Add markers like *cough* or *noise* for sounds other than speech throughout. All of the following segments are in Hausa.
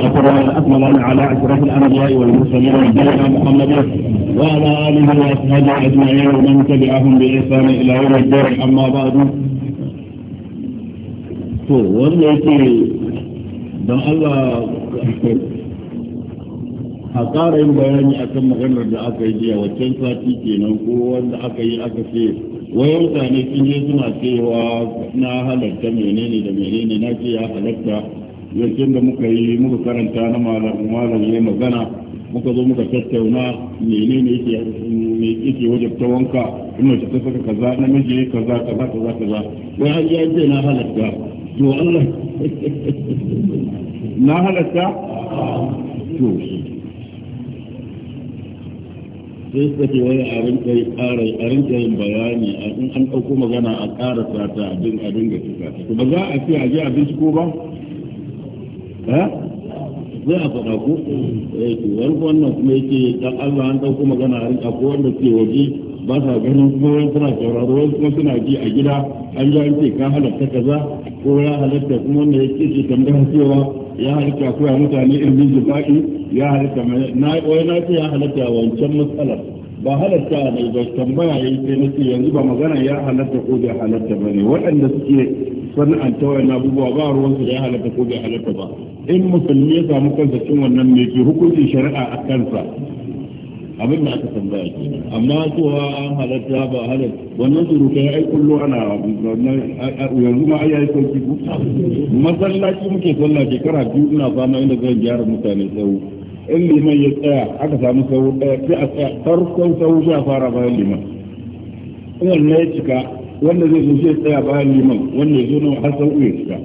والأقران الأكملان على أشرف الأنبياء والمرسلين نبينا محمد وعلى آله وأصحابه أجمعين ومن تبعهم بإحسان إلى يوم الدين أما بعد to wanda yake don Allah a ƙara yin bayani akan maganar da aka yi jiya waccan sati kenan ko wanda aka yi aka ce wai mutane sun je suna cewa na halatta menene da menene na ce ya halatta yakin da muka yi muka karanta na malam malam ya magana muka zo muka tattauna ne yake yake wajabta wanka in mace ta saka kaza na miji kaza kaza kaza kaza wai har ya ce na halatta to Allah *laughs* na halatta to sai suka ce wai a rinka yi ƙara a rinka yin bayani a in an ɗauko magana a ƙara sata abin abin da suka to ba za a ce a je abin ko ba ha za a faɗa ko eh, wani wannan kuma yake dan Allah an dauko magana a rinka ko wanda ke waje ba sa ganin kuma wani suna sauraro wani kuma suna ji a gida an an ce ka halatta kaza ko ya halatta kuma wanda yake ce tambaya cewa ya halatta ko ya mutane bin jima'i ya halatta na wai na ce ya halatta wancan matsalar ba halatta ne ba tambaya yi sai na ce yanzu ba magana ya halatta ko bai halatta ne waɗanda suke an ta wayan abubuwa ba ruwansu da ya halatta ko bai halatta ba in musulmi ya samu kansa cin wannan mai ke hukuncin shari'a a kansa abin da aka tambaya ke amma cewa an halatta ba halatta wannan surutai ai kullum ana yanzu ma ai ko ki masallaci muke sallah shekara biyu ina fama inda zan gyara mutane tsawo in liman ya tsaya aka samu tsawo daya sai a tsaya farkon tsawo sai a fara bayan liman wannan ya cika wanda zai zo zai tsaya bayan liman wanda ya zo na har sau ya shiga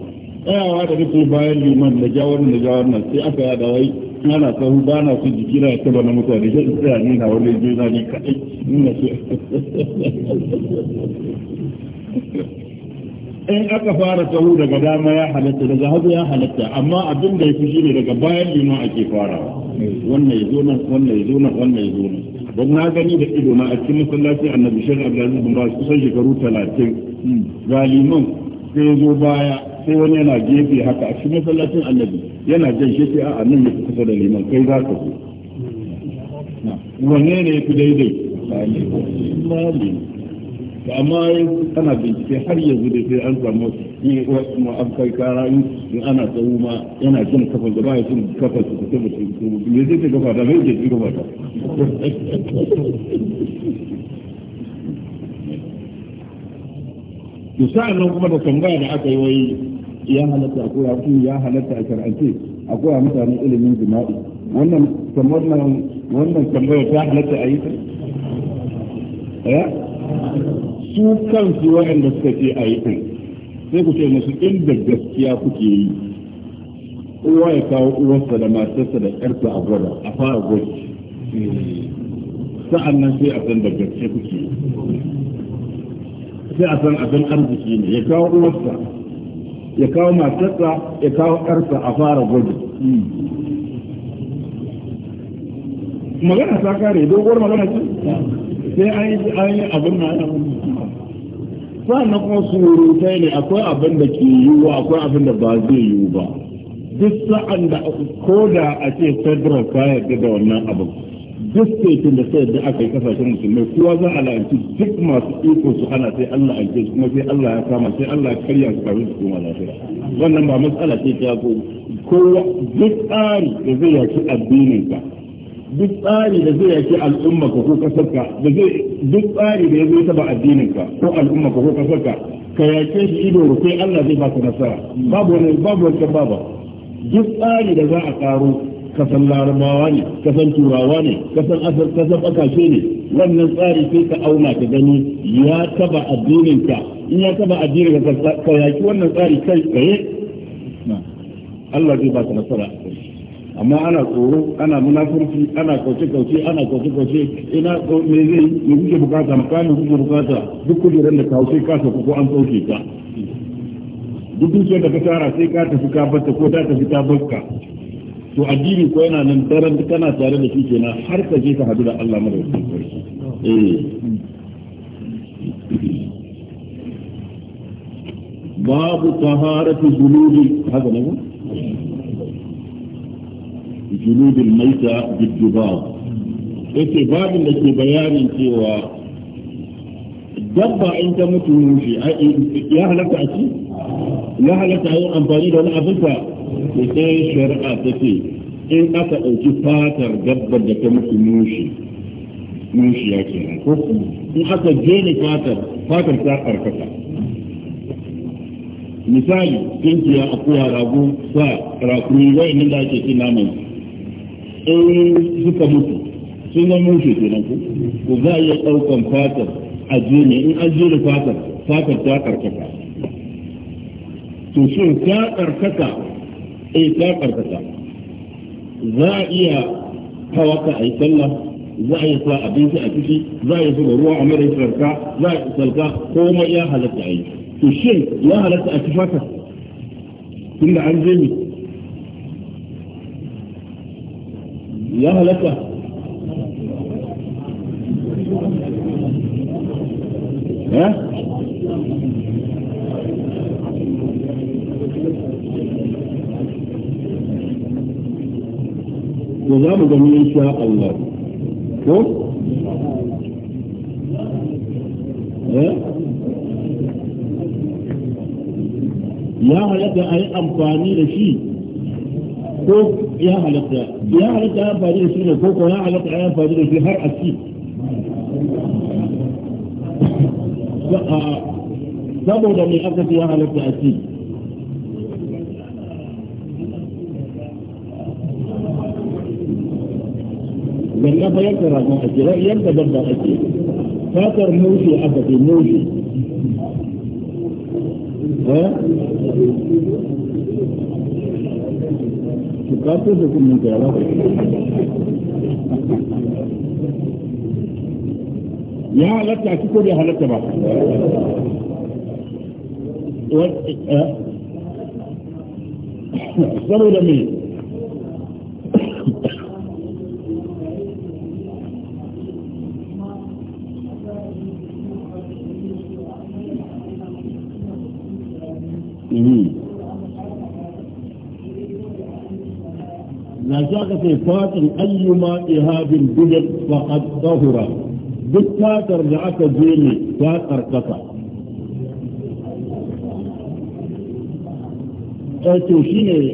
tsayawa da nake bayan liman na ja na da ja sai aka yada wai ana sahu ba na su jiki na taba na mutane sai in tsaya ni na wani zai na ni kaɗai nuna su in aka fara sahu daga dama ya halatta daga hagu ya halatta amma abin da ya fi shi ne daga bayan liman ake farawa wannan ya zo nan wannan ya zo nan wannan ya zo nan don na gani da ido na a cikin masallacin annabi shan abdulaziz bin basu kusan shekaru talatin hmm. galiman sai zo baya sai wani yana gefe haka a cikin masallacin annabi yana jan shi a nan ya kusa da liman kai za ka zo hmm. wanne ne ya fi daidai to amma ana bincike har yanzu da sai an samu yi wasu ma an kai kara in ana tsawo ma yana jin kafa da baya cin kafa su ta tabbata su me zai ta gaba da mai jefi ci gaba da to sa'an nan kuma da tambaya da aka yi wai ya halatta a koya su ya halatta a shar'ance a koya mutane ilimin jima'i wannan kamar nan wannan tambaya ta halatta a yi ta eh? su kansu waɗanda suka ce a yi ɗin sai ku ce musu inda gaskiya kuke yi uwa ya kawo uwarsa da matarsa da ƙarfi a gwada a fara gwaji sa'an nan sai a san da gaske kuke yi sai a san abin arziki ne ya kawo uwarsa ya kawo matarsa ya kawo ƙarfi a fara gwaji magana ta kare doguwar magana ce sai an yi abin na abin sannan kuma surutai ne akwai abin da ke yiwuwa akwai abin da ba zai yiwu ba duk sa'an da ko da a ce federal ka yarda da wannan abin duk saitin da sai da aka yi kasashen musulmai kowa za a la'anci duk masu iko su ana sai Allah alke su kuma sai Allah ya kama sai Allah ya karya su kafin su koma lafiya wannan ba matsala ce ta ko kowa duk tsari da zai yaki addinin ka duk tsari da zai yaki al'umma ko kasarka da zai duk tsari da ya zai taba addinin ka ko al'umma ko kasarka ka yake shi ido rufe Allah zai baka nasara babu wani babu wani baba duk tsari da za a karo kasan larabawa ne kasan turawa ne kasan asar kasan bakashe ne wannan tsari sai ka auna ka gani ya taba addinin ka in ya taba addinin ka ka yaki wannan tsari kai tsaye Allah zai baka nasara amma ana tsoro ana munafurci ana kauce kauce ana kauce kauce ina ko me zai yi kuke bukata makamin kuke bukata duk kujeran da kawo sai ka sauka ko an sauke ka duk dukiyar da ka tara sai ka tafi ka barta ko ta tafi ta barka to addini ko yana nan daren kana tare da shi kenan har ka je ka hadu da Allah mai sarki eh babu taharatu zunubi haka ne جنود الميتة بالجباب اتباب لكي بيان انتوا دبا انت متنوشي يا هلا تأتي يا هلا تأتي انباري لنا ابتا لكي شرقة تتي ان اتا اوكي فاتر دبا لك متنوشي نوشي يا ان اتا جيني فاتر فاتر تاقر كتا مثالي كنت يا اقوها رابو فا راكوي وين الله يتي نامن in suka mutu sun zama mushe kenan ku ku za a iya ɗaukan fatar a jini in an jini fatar fatar ta karkata to shin ta karkata eh ta karkata za a iya hawaka a yi sallah za a yi sa abinci a ciki za a yi zuba ruwa a mara sarka za a yi sarka komai ya halatta a yi to shin ya halatta a ci fatar tunda an je ne ya halatta eh za mu gani Allah ko ya halatta a yi amfani da shi ko ya halatta ya halatta ya faru da shi ne ko ko ya halatta ya faru da shi har a ci saboda mai aka ce ya halatta a ci ganna ba yanka ragon ake yanka dabba ake fatar mushe aka ce mushe su kato da kunnen ka yara ya halatta a ko bai halatta ba saboda me Mm-hmm. لا فاتن أيما إهاب الجدد فقد طهر بالفاتر فقد جيني فاتر قطع أتو شيني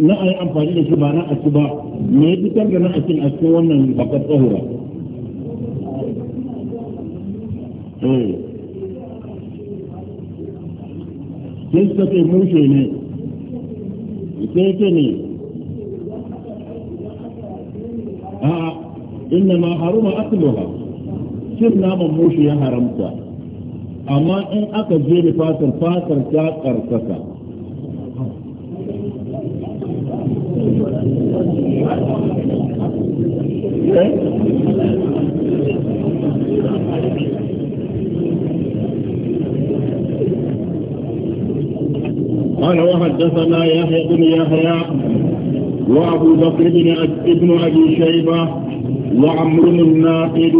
نأي أنفاني شبا نأي شبا ميدي تنك نأي شين أسوان فقد طهر إيه. تستطيع موشيني تستطيع موشيني a inna ma haruma akluha cin naman mushi ya haramta amma in aka je da fatar fatar ta karkasa قال وحدثنا يحيى بن يحيى وأبو بكر بن ابن أبي شيبة وعمرو الناقد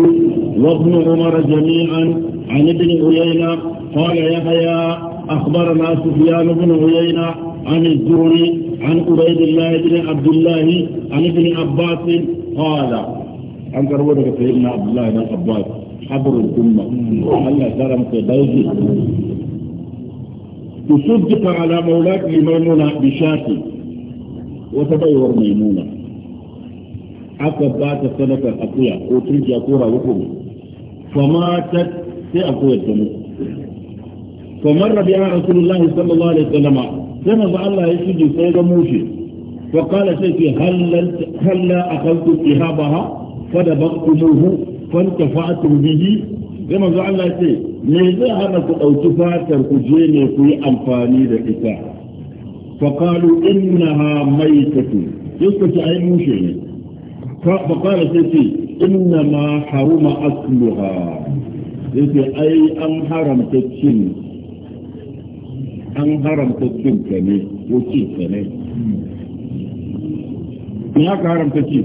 وابن عمر جميعا عن ابن عيينة قال يحيى أخبرنا سفيان بن عيينة عن الزهري عن عبيد الله بن عبد الله عن ابن عباس قال عن كربونة سيدنا عبد الله بن عباس حبر الأمة الله سلام سيدنا تصدق على مولاك لميمونة بشاكي wata baiwar nuna aka ba ta sadakar akuya ko turkiya ko rago ko kuma famata sai akuyar ta mu kuma rabi'a rasulullahi sallallahu alaihi wasallama sai manzo Allah ya shige sai ga mushi wa qala sai ki halla akhadtu ihabaha fadabaqtumuhu fantafa'tum bihi sai manzo Allah ya ce me zai hana ku dauki fatar ku je ne ku yi amfani da ita فقالوا إنها ميتة يسكت أي موشي فقال سيتي إنما حرم أكلها يسكت أي أم حرم تتشن أم حرم تتشن كني وشي كني هناك حرم تتشن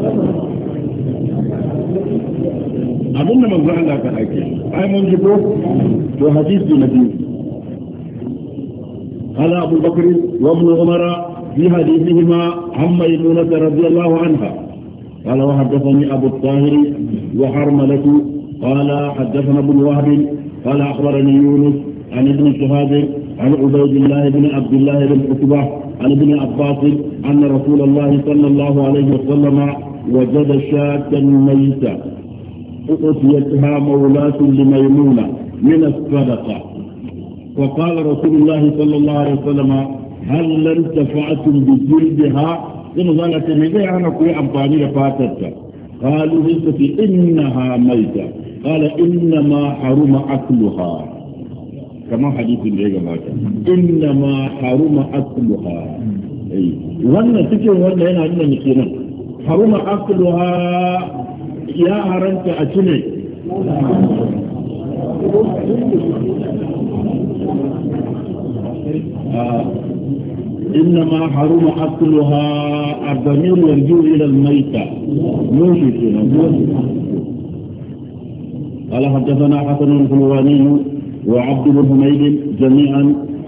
Thank you. abinda manzo Allah ka ake ai mun ji ko to hadisi قال أبو بكر وابن عمر في حديثهما عن ميمونة رضي الله عنها قال وحدثني أبو الطاهر وحرملة قال حدثنا ابن وهب قال أخبرني يونس عن ابن شهاب عن عبيد الله بن عبد الله بن عتبة عن ابن عباس أن رسول الله صلى الله عليه وسلم وجد شاة ميتة أؤتيتها مولاة لميمونة من الصدقة فقال رسول الله صلى الله عليه وسلم هل انتفعتم تفعتم بجلدها إن قالت لي إيه أنا كوي أمطانية فاتتها قالوا ليست إنها ميتة قال إنما حرم أكلها كما حديث اللي إنما حرم أكلها أي وانا تكي وانا هنا عندنا مثلا haruma akluha ya haramta a cine إنما حرم أكلها الضمير يرجو إلى الميتة موشي قال حدثنا حسن الحلواني وعبد بن حميد جميعا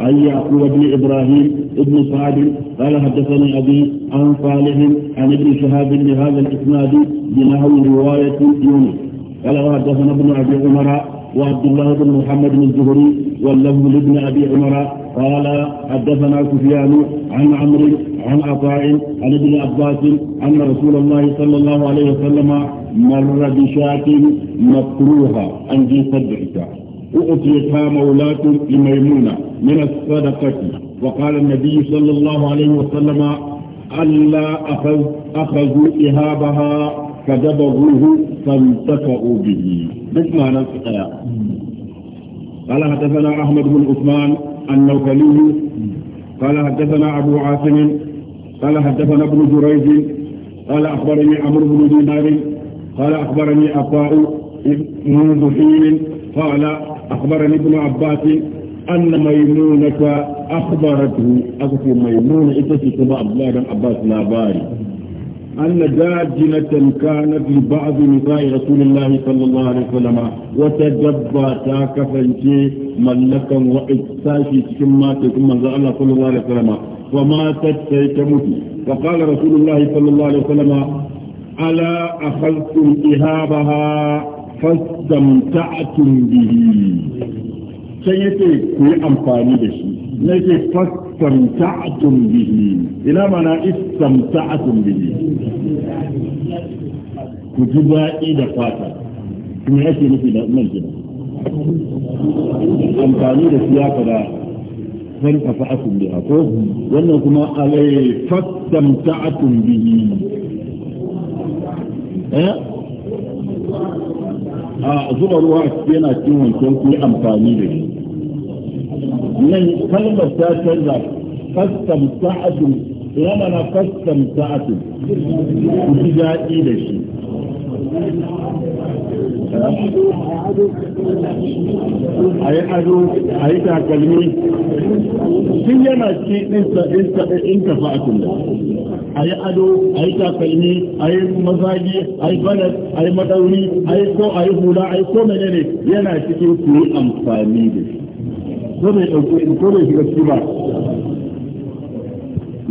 عن يعقوب بن ابراهيم بن صعد قال حدثني ابي عن صالح عن ابن شهاب بهذا الاسناد بنحو روايه يونس قال وحدثنا ابن ابي عمر وعبد الله بن محمد بن الزهري واللفظ لابن ابي عمر قال حدثنا سفيان عن عمرو عن عطاء عن ابن عباس ان رسول الله صلى الله عليه وسلم مر بشاة مكروهه عن جنس الدعسه وأتيتها مولاة لميمونة من الصدقة وقال النبي صلى الله عليه وسلم ألا أخذ أخذوا إهابها فجبروه فانتفعوا به مثل الله الآية قال حدثنا أحمد بن عثمان النوكلي قال حدثنا أبو عاصم قال حدثنا ابن جريج قال أخبرني عمرو بن دينار قال أخبرني عطاء منذ حين قال أخبرني ابن عباس أن ميمونة أخبرته أخبر ميمونة إتسي كما أبلاد عباس لاباري أن داجنة كانت لبعض نساء رسول الله صلى الله عليه وسلم وتجبى تاكفا شيء ملكا وإتساشي كما تكون الله صلى الله عليه وسلم وماتت سيتموت فقال رسول الله صلى الله عليه وسلم ألا أخذتم إهابها فاستمتعتم به sai ce ku yi amfani da shi na ce fastamta'atun bihi ina mana istamta'atun bihi ku ji baƙi da fata kuma ce nufi da nan gida amfani da shi siyasa da san kafa'atun biha ko wannan kuma alai fastamta'atun bihi eh a zuba ruwa yana cin wancan ku yi amfani da shi من كلمة تاتر فاستمتعتم رمنا فاستمتعتم بجائي لشي a yi ado a yi takalmi sun yana ce in tafi a tunda a yi ado a yi takalmi a yi mazagi a yi balas a yi madauri a yi ko a yi hula a yi ko menene yana cikin su amfani da shi ko bai ɗauke ko bai shiga ciki ba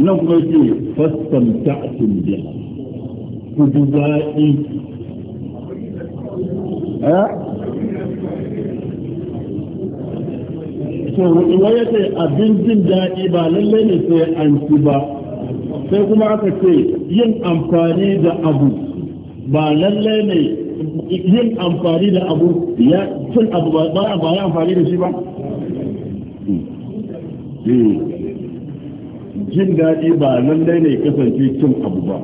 nan kuma yake fastamta'tum biha ku ji daɗi so eh? ruwa ya ce abin jin daɗi ba lalle ne sai an ci ba sai kuma aka ce yin amfani da abu ba lalle ne yin amfani da abu ya cin abu ba ya amfani da shi ba jin daɗi ba lallai ne kasance cin abu ba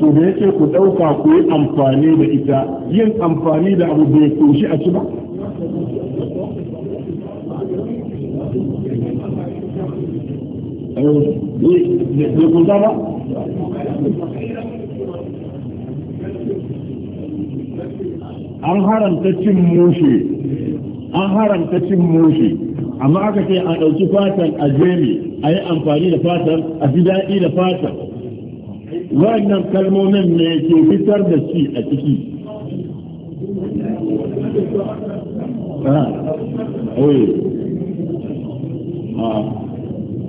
to da yake ku ɗauka ku yi amfani da ita yin amfani da abu bai koshi a ci ba an haramta cin moshe an haramta cin moshe amma aka ce a ɗauki fatan a jemi a yi amfani da fatan a ji daɗi da fatan wannan kalmomin ne ke fitar da shi a ciki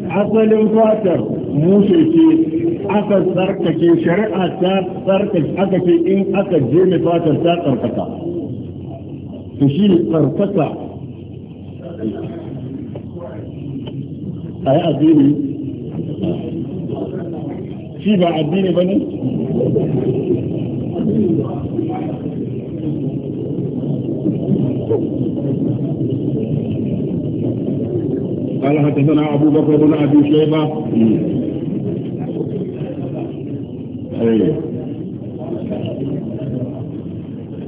asalin fatar mushe ce aka tsarkake shari'a ta tsarkake aka ce in aka je mai fatar ta tsarkaka ta shi tsarkaka a yi addini shi ba addini ba ne قال حدثنا أبو بكر بن أبي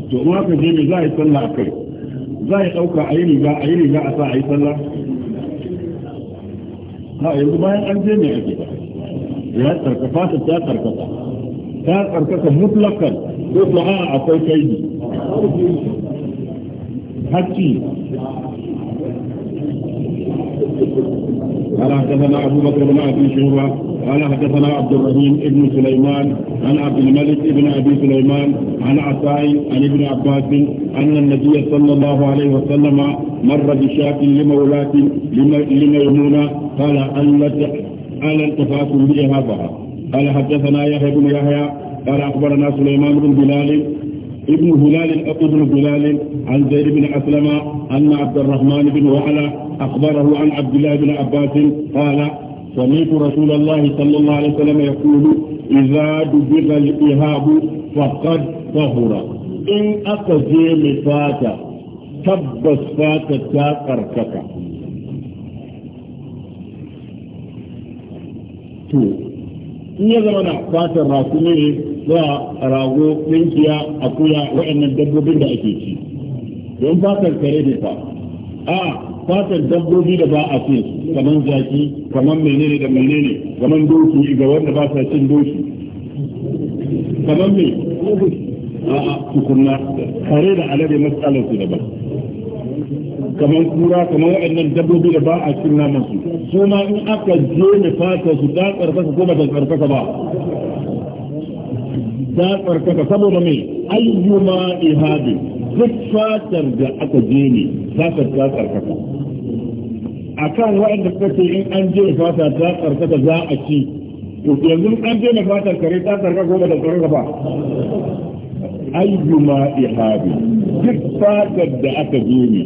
to ma ka je za a yi sallah kai za a yi ɗauka a yi riga a yi riga a sa a yi sallah a yanzu bayan an je ne ake ya karkata ta ta karkata ta karkata mutlakan ko ko a akwai kaidi hakki قال حدثنا ابو ma بن ابي شعبه قال حدثنا عبد الرحيم بن سليمان عن عبد الملك بن ابي سليمان عن عطاء عن ابن عباس ان النبي صلى الله عليه وسلم مر بشاة لمولاة لميمونة قال ألا التفاكم بها هذا قال حدثنا يحيى بن يحيى قال اخبرنا سليمان بن بلال ابن هلال ابن بلال عن زيد بن اسلم ان عبد الرحمن بن وعلى اخبره عن عبد الله بن عباس قال سمعت رسول الله صلى الله عليه وسلم يقول إذا دبغ الإهاب فقد طهر إن أقزي لفاتا تبس فاتا تاقركك to in ya zama na fatar rasu ne za a rago ɗinkiya akuya waɗannan dabbobin da ake ci don a fatan dabbobi da ba a cin su kamar zaki kamar menene da menene kamar doki ga wanda ba sa cin doki kamar me a'a tukunna kare da alade matsalar su daban kamar kura kamar waɗannan dabbobi da ba a cin naman su su ma in aka je ne fata su ta tsarkaka ko ba ta tsarkaka ba ta tsarkaka saboda me ayyuma ihadin duk fatar da aka je ne fatar ta karkata a kan waɗanda suka ce in an je fata ta karkata za a ci yanzu an je na fatar kare ta karkata ko ba da tsarkaka ba ayyuma ihabi duk fatar da aka je ne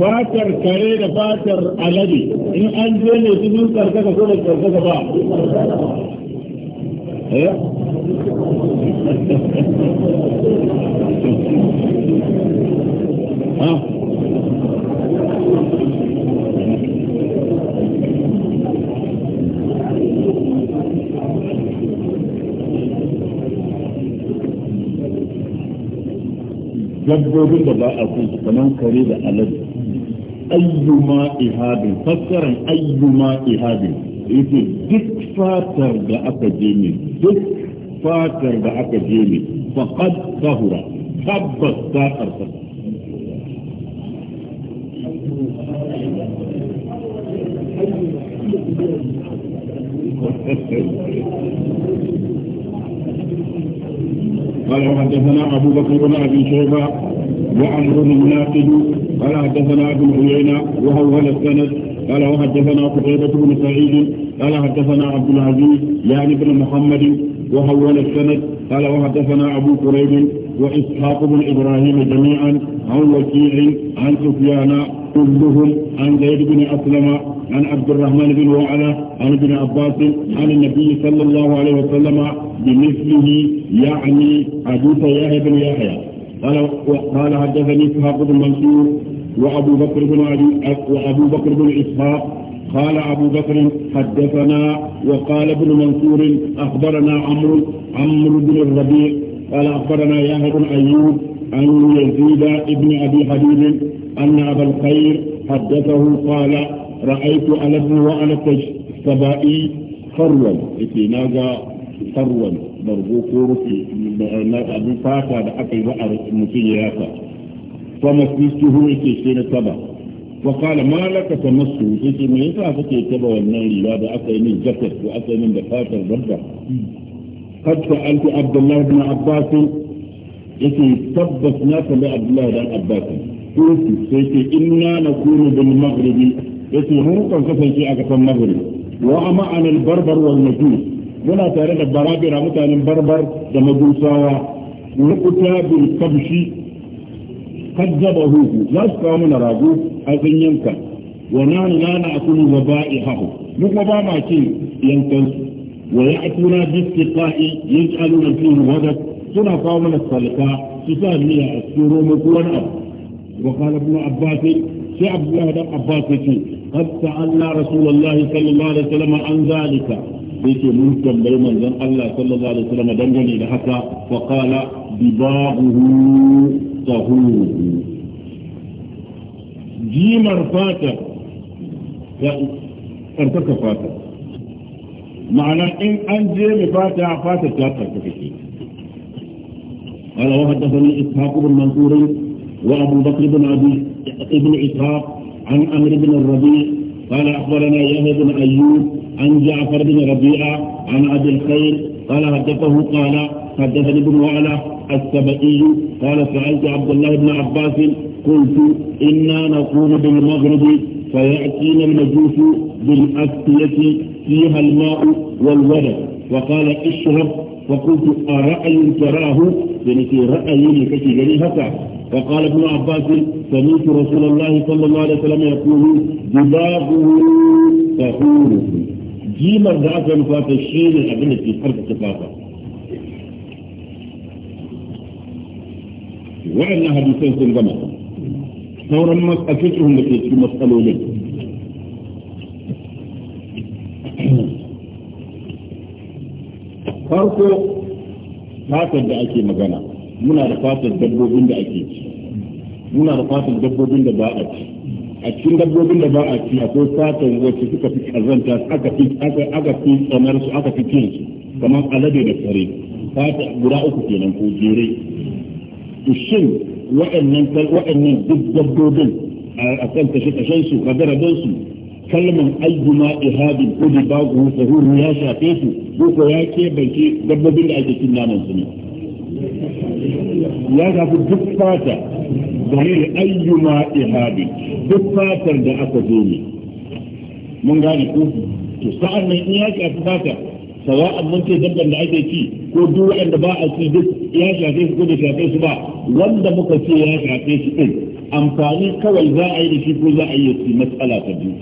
fatar kare da fatar alade in an je ne cikin tsarkaka ko da tsarkaka ba ها da ba a kun su kamar kare da alade ayyuma ihabin fassaran ayyuma ihabin yake duk fatar da aka je ne duk فاكر da aka فقد faqad zahura tabbas ta قال حدثنا ابو بكر بن ابي شيبه وعمر بن ناقد قال حدثنا ابن عيينه وهو السند قال وحدثنا قتيبة بن سعيد قال حدثنا عبد العزيز يعني بن محمد وحول السند قال وحدثنا أبو قريب وإسحاق بن إبراهيم جميعا عن وكيع عن سفيان كلهم عن زيد بن أسلم عن عبد الرحمن بن وعلى عن ابن عباس عن النبي صلى الله عليه وسلم بمثله يعني حديث يحيى بن يحيى قال وقال حدثني إسحاق بن منصور وأبو بكر بن علي وأبو بكر بن إسحاق قال أبو بكر حدثنا وقال ابن منصور أخبرنا عمرو عمرو بن الربيع قال أخبرنا ياهر بن أيوب عن يزيد بن أبي حبيب أن أبا الخير حدثه قال رأيت على ابن وعلى السبائي فروا ناجا فروا مرغوكو في أبو فاتا بأكل وعر مسيحة فمسيسته إتشين سبأ wa qala ma laka tamassu yace me yasa kake taba wannan riga da aka yi min jakar ko aka yi min da fatar dabba hatta alti abdullahi ibn abbas yace tabbas na tambayi abdullahi dan abbas kuntu sai ce inna nakunu bil maghribi yace mun kan kasance a kasan maghrib wa ama anil barbar wal majus muna tare da barabira mutanen barbar da majusawa nukuta bil kabshi kaddaba ruhu za su kawo mana rago a sun yanka wa na la na akulu wa ba'i hahu mu kuma ba ma ce yankan su wa ya atuna bistiqa'i yaj'aluna fihi wadat suna kawo mana salka su sa miya a cikin romo ko wani abu وقال ابن sai في عبد الله بن عباس قد سألنا رسول الله صلى الله عليه وسلم عن ذلك بيت ممكن بيما الله صلى الله dangane da haka لحكا فقال دباغه الطهور جيم ارفاتا ارتكى فاتا معنى ان انجيم فاتا فاتا تاتا تكتي قال وحدثني اسحاق بن منصور وابو بكر بن ابي ابن اسحاق عن امر بن الربيع قال اخبرنا يحيى بن ايوب عن جعفر بن ربيعه عن ابي الخير قال حدثه قال حدثني ابن وعلى السبئي قال سألت عبد الله بن عباس قلت إنا نقوم بالمغرب فيأتينا المجوس بالأسية فيها الماء والولد وقال اشرب فقلت أرأي تراه يعني في رأي كتي جري هكا فقال ابن عباس سمعت رسول الله صلى الله عليه وسلم يقول جباغه تقوله jimar da aka yi fata shi ne abin da ke karfafa fata waɗannan hadisai sun gama sauran matsafikihun da ke cikin matsalolin farko fatar da ake magana muna da fatar dabbobin da ake ci muna da fatar dabbobin da ba a ci a cikin dabbobin da ba a ci akwai fatan wacce suka fi kazanta aka fi aka fi tsanar su aka fi cin su kamar alade da kare fata guda uku kenan ko jere to shin waɗannan duk dabbobin a kan kashe kashen su rabe-raben su kalman aljuma ihadin ko da babu sahuru ya shafe su ko ko ya kebanci dabbobin da ake cin naman su ne ya shafi duk fata da ayyuma ihadin duk fatar da aka zo ne mun gane ko to sa'an nan in ya shafi fata sawa'an mun ce dabban da ake ci ko duk wanda ba a ci duk ya shafe su ko da shafe su ba wanda muka ce ya shafe shi din amfani kawai za a yi da shi ko za a yi shi matsala ta biyu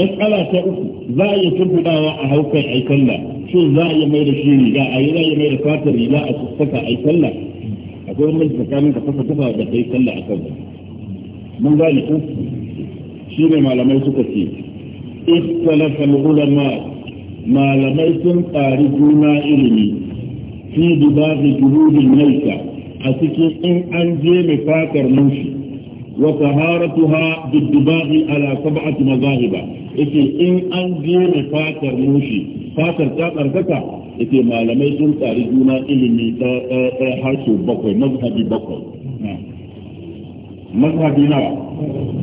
matsala ta uku za a yi tumbudawa a haukan aikalla shin za a yi mai da shi riga a yi za a yi mai da fatar riga a sassaka aikalla akwai wani tsakanin ka fasa tufa da kai sallah kan من ذلك شيرة ما لميتو كثير اختلف العلماء ما لميتن تاريخونا إلمي في دباغ جهود الميتة حسيكي إن أنجي مفاتر نوشي وطهارتها بالدباغ على سبعة مذاهب إتي إن أنجي مفاتر نوشي فاتر تاتر كتا إتي ما لميتن تاريخونا إلمي حاشو بقوي مذهبي بقوي نعم mazhabi nawa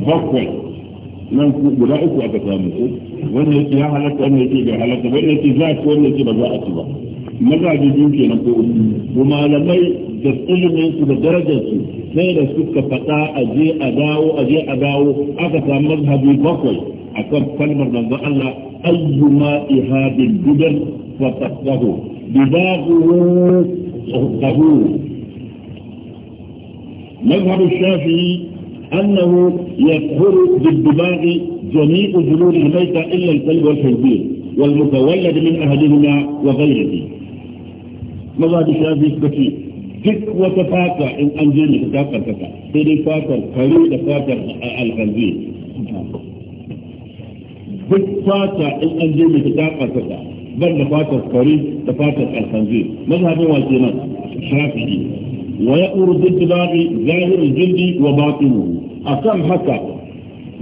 bakwai nan ku guda uku aka samu ko wanda yake ya halatta wanda yake bai halatta wanda yake za ci wanda yake ba za a ci ba mazaje biyu kenan ko uku ko malamai da ilimin su da darajar su sai da suka faɗa a je a dawo a je a dawo aka samu mazhabi bakwai akan kalmar manzon Allah ayyuma ihadin bidan fa tasahu bidahu tahu مذهب الشافعي انه يكفر بالدماغ جميع جنون الميتة الا الكلب والخنزير والمتولد من اهلهما وغيره مذهب الشافعي بكي كك وتفاكا ان انجيل تفاكا تفاكا تيري فاكا قريب فاكا الخنزير كك فاكا ان انجيل تفاكا تفاكا بل فاكا قريب فاكا الخنزير مذهب واجبات الشافعي ويأمر بالتباغ ظاهر الجلد وباطنه أكم حتى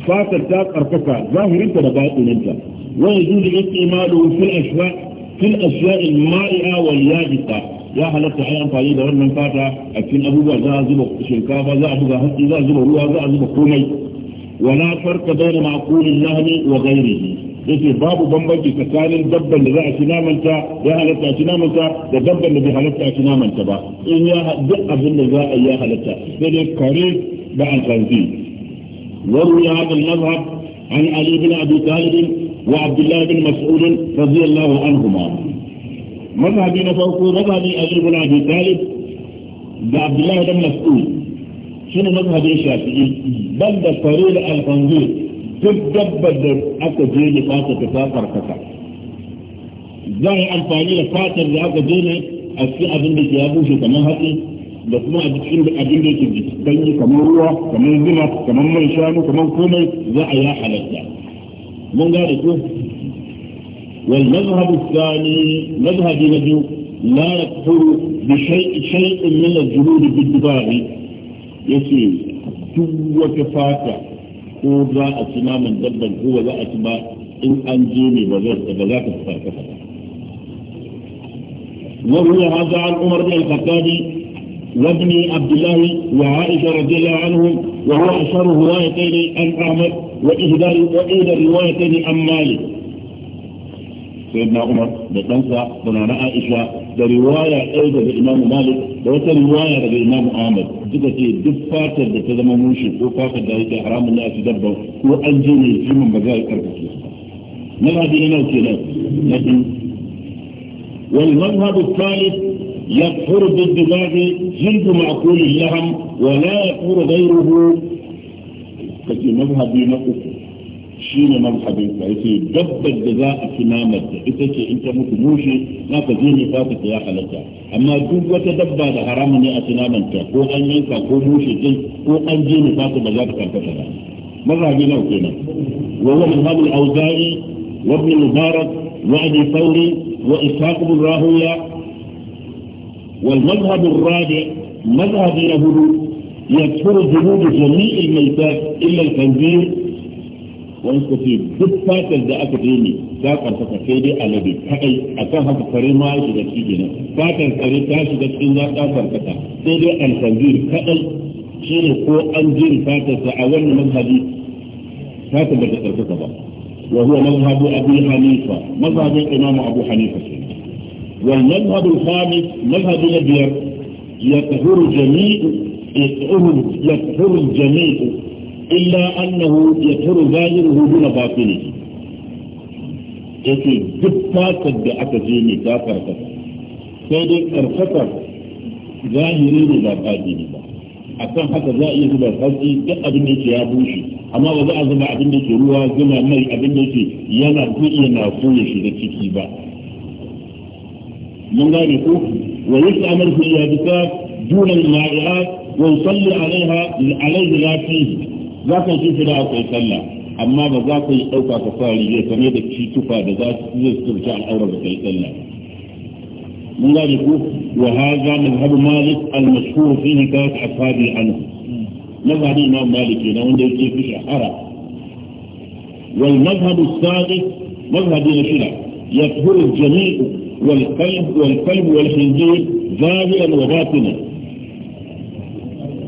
فاتر تاك أرتكى ظاهر انت وباطن انت ويجوز استعماله في الأشياء في الأشياء المائعة واليابسة يا هلا أي انت ده wannan fata a cikin abubuwa za a zuba shinkafa za a ولا فرق بين معقول الله وغيره يجي باب بمبج تسال الدب اللي ذا اتنام انت يا هلتا اتنام انت الدب اللي ذا هلتا اتنام انت با ان يا دق اظن ذا يا هلتا يجي قريب بعد غنزي وروي هذا المذهب عن علي بن ابي طالب وعبد الله بن مسعود رضي الله عنهما مذهب بن نفوق مذهب علي بن ابي طالب عبد الله بن مسعود شنو مذهبي الشافعي بل ده قريب الغنزي duk dabbar da aka je ne fata ta fakar kasa zan yi amfani da fatar da aka je ne a cikin abin da ke ya bushe kamar hatsi da kuma a cikin da abin da ke danyi kamar ruwa kamar zuma kamar man shanu kamar komai za a ya halatta mun gane ko والمذهب الثاني مذهب نبي لا يكفر بشيء شيء من الجلود بالدباغ يسير جوة فاتح ko za a ci naman dabban ko ba za a ci ba in an هذا عن عمر بن الخطاب وابن عبد الله وعائشه رضي الله عنهم وهو اشهر روايتين عن احمد واحدى واحدى الروايتين عن مالك سيدنا عمر بطنسا بنانا عائشة برواية أيضا بإمام مالك بوتا رواية بإمام آمد تبقى في دفاتة بتزم موشي وفاقة دائجة حرام الله تدبر وأنجيني في من بزاي كربك من هذه لنا وكذا لكن والمذهب الثالث يكفر بالدماغ جلد معقول لهم ولا يكفر غيره كثير مذهب يمقفه shi ne nan hadisa yake dabbar da za a ci namar da ita ce in ta mutu mushe za ka je ne fata ta ya halatta amma duk wata dabba da haramun ne a ci namanta ko an yanka ko mushe din ko an je ne fata ba za ta karkata ba maza mazaje nawa kenan wa wa min hamil auza'i wa ibn mubarak wa abi thawri wa ishaq bin rahuya wal madhhab ar-rabi' madhhab yahudu يكفر ذنوب maytat illa al الخنزير wani ko ce duk fatar da aka je ne ta karfafa sai dai alade kadai akan haka kare ma ya shiga ciki kenan fatar kare ta shiga cikin za ta karfafa sai dai alfazir kaɗai shi ne ko an jin fatar sa a wannan mazhabi fatar ba ta karfafa ba wa huwa mazhabu abu hanifa mazhabin imamu abu hanifa والمذهب الخامس na الابيض يطهر جميع يطهر الجميع illa annahu yaturu zahiruhu duna batinihi yake duk fatar da aka je ne ta karkata sai dai karkatar zahiri ne ba ne ba akan haka za a iya zuba hatsi duk abin da yake ya bushe amma ba za a zuba abin da yake ruwa zuma mai abin da yake yana buɗe na so ya shiga ciki ba mun gane ko wa yus'amar da yadika dunan ma'i'at wa yusalli alaiha alaihi lafihi za ka yi fida akwai sallah amma ba za ka yi ɗauka ka fari riga kamar da ci tufa da za su zai turci al'aura da kai sallah mun gane ku wa hadha madhhab malik al-mashhur fi hikayat ashabi an anhu mazhabi imam malik ne wanda yake fi shahara wal madhhab as-sadis mazhabi na shida yadhuru al-jami' wal wal qalb qalb wal والقلب والخنزير ظاهرا وباطنا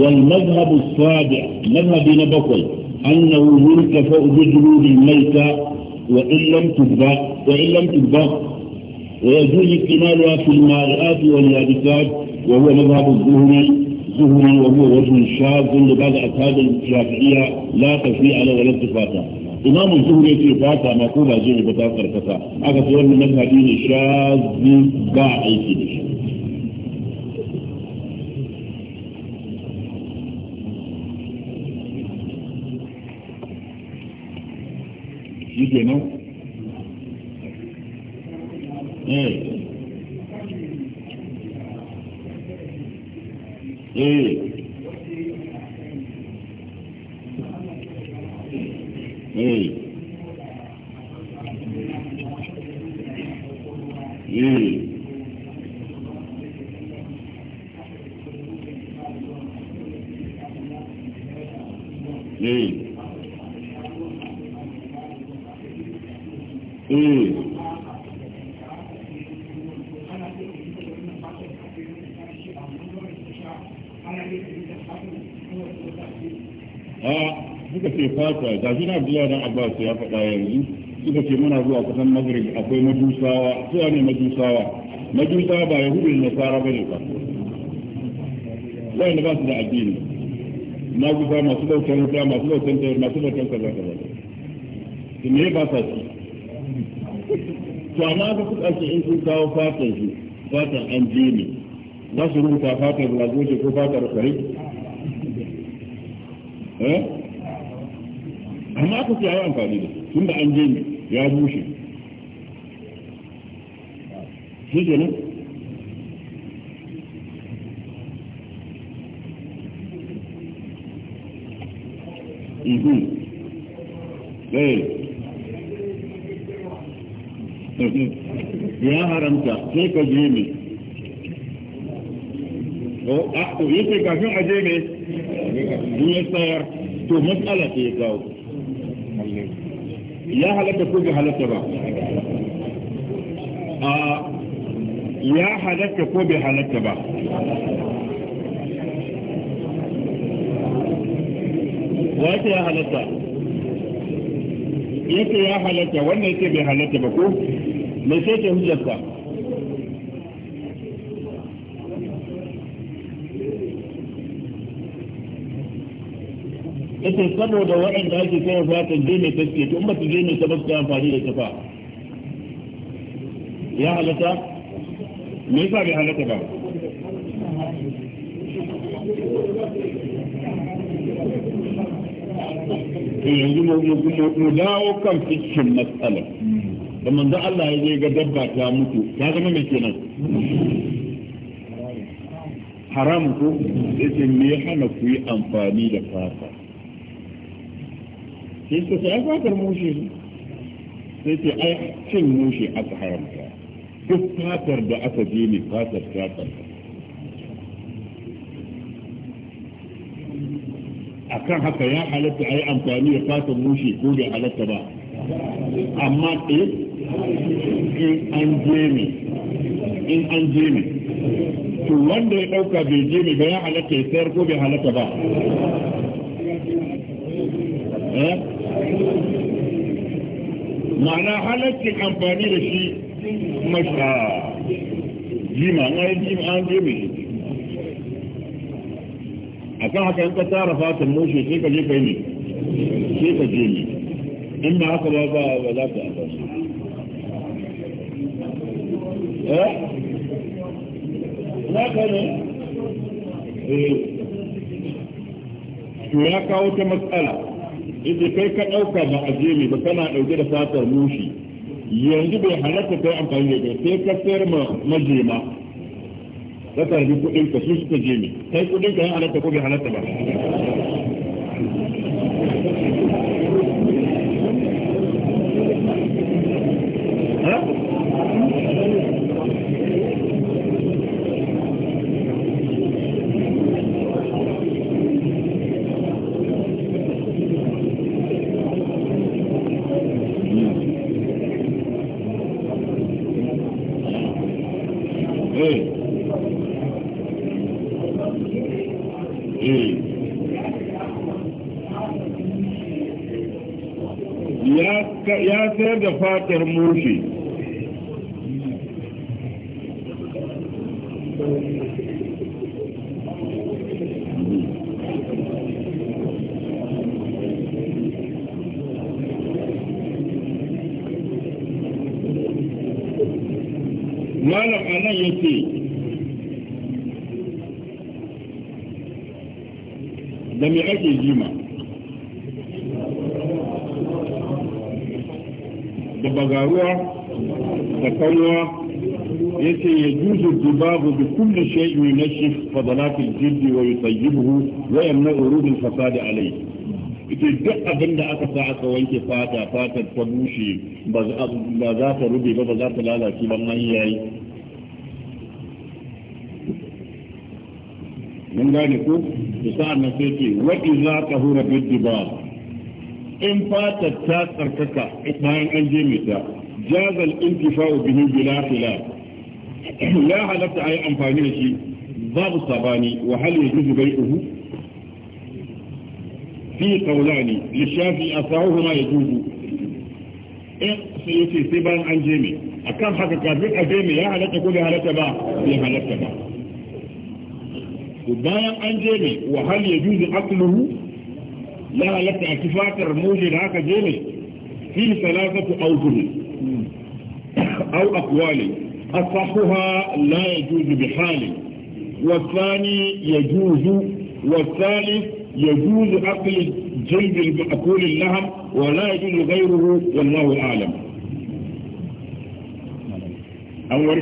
والمذهب السابع مذهب نبقي أنه يرتفع بجلود الميتة وإن لم تذبح وإن لم تذبح ويجوز اكتمالها في المارئات واليابسات وهو مذهب الظهري زهري وهو وجه شاذ لبعض أصحاب الشافعية لا تشريع له ولا اتفاقا إمام الزهري في فاتا ما كوبا زهري بتاكر هذا هو من مذهبين شاذ باع أي كده shi kenan eh eh eh eh Yeah. a eh. eh, suka ce fata ga shi na biya dan abbas ya faɗa yanzu suka ce muna zuwa kusan maghrib akwai majusawa suwa ne majusawa majusawa ba ya hudu na nasara bane ba wani ba su da addini majusawa masu bautan wuta masu bautan tayar masu bautan kaza kaza su ne ba sa ci to amma ga kuka in sun kawo fatan shi fatan su rubuta fatar ko fatar eh? amma ce a yi amfani da tun da an je ya bushe shi ke nan Mm-hmm. *laughs* ya haramta sai ka je ne ko a yake kafin a je ne in ya tsayar to matsala ce ya kawo ya halatta ko bai halatta ba a ya halatta ko bai halatta ba wa ya halatta yace ya halatta wannan yace bai halatta ba ko mai sai ke hujjarsa ita saboda waɗanda ake kai za ta je mai taske to ba su je mai ta ba amfani da tafa ya halatta me yasa bai halatta ba to yanzu mu dawo kan fikin matsala da manzo Allah ya je ga dabba ta mutu ta zama mai kenan haram ko yace me ya hana ku yi amfani da fata sai su sai fatar mushi sai ce ai cin mushi aka haramta duk fatar da aka je ne fatar ta tsarka akan haka ya halatta a yi amfani da fatan mushe ko bai halatta ba amma in an je ne in an je ne to wanda ya ɗauka bai je ne ba ya halatta ya sayar ko bai halatta ba eh? ma'ana halatta amfani da shi mashi a jima na yi jima an je mai أتعك أنت تعرف هذا الموش وشيك جي فيني شيك جيني إما أصل هذا ولا تأخذ ايه لا كده ايه هناك اوت مساله اذا كيف اوقع مع اجيلي بكنا اوجد فاتر موشي يعني بحالته انت عندك كيف تصير ما مجري ka tarbi kuɗin ka su suka je ne kai kuɗin ka yin halatta ko bai halatta ba Huh? mayar da fatar mushe faruwa da karuwa yace ya juzu dubabu bi kulli shay'in yunashif fadalat al-jild wa yutayyibuhu wa yamna urud al-fasad alayhi ita duk abin da aka sa aka wanke fata fatar ta bushe ba za ta rube ba ba za ta lalace ba man yayi mun gane ko da sa'an na sai ce wa idza tahura bid dibab in fatar ta tsarkaka bayan an je mai ta jaza al-intifa'u bihi bila khilaf ya halatta ayi amfani da shi babu sabani wa hal yajuzu bai'uhu fi qawlani li shafi asahuma yajuzu in sai yace sai bayan an je me akan haka kafin a je ya halatta ko bai halatta ba bai halatta ba bayan an je ne wa hal halatta a tufatar muje da haka je أو أقوال أصحها لا يجوز بحال والثاني يجوز والثالث يجوز أكل جلد المأكول اللهم ولا يجوز غيره والله أعلم أو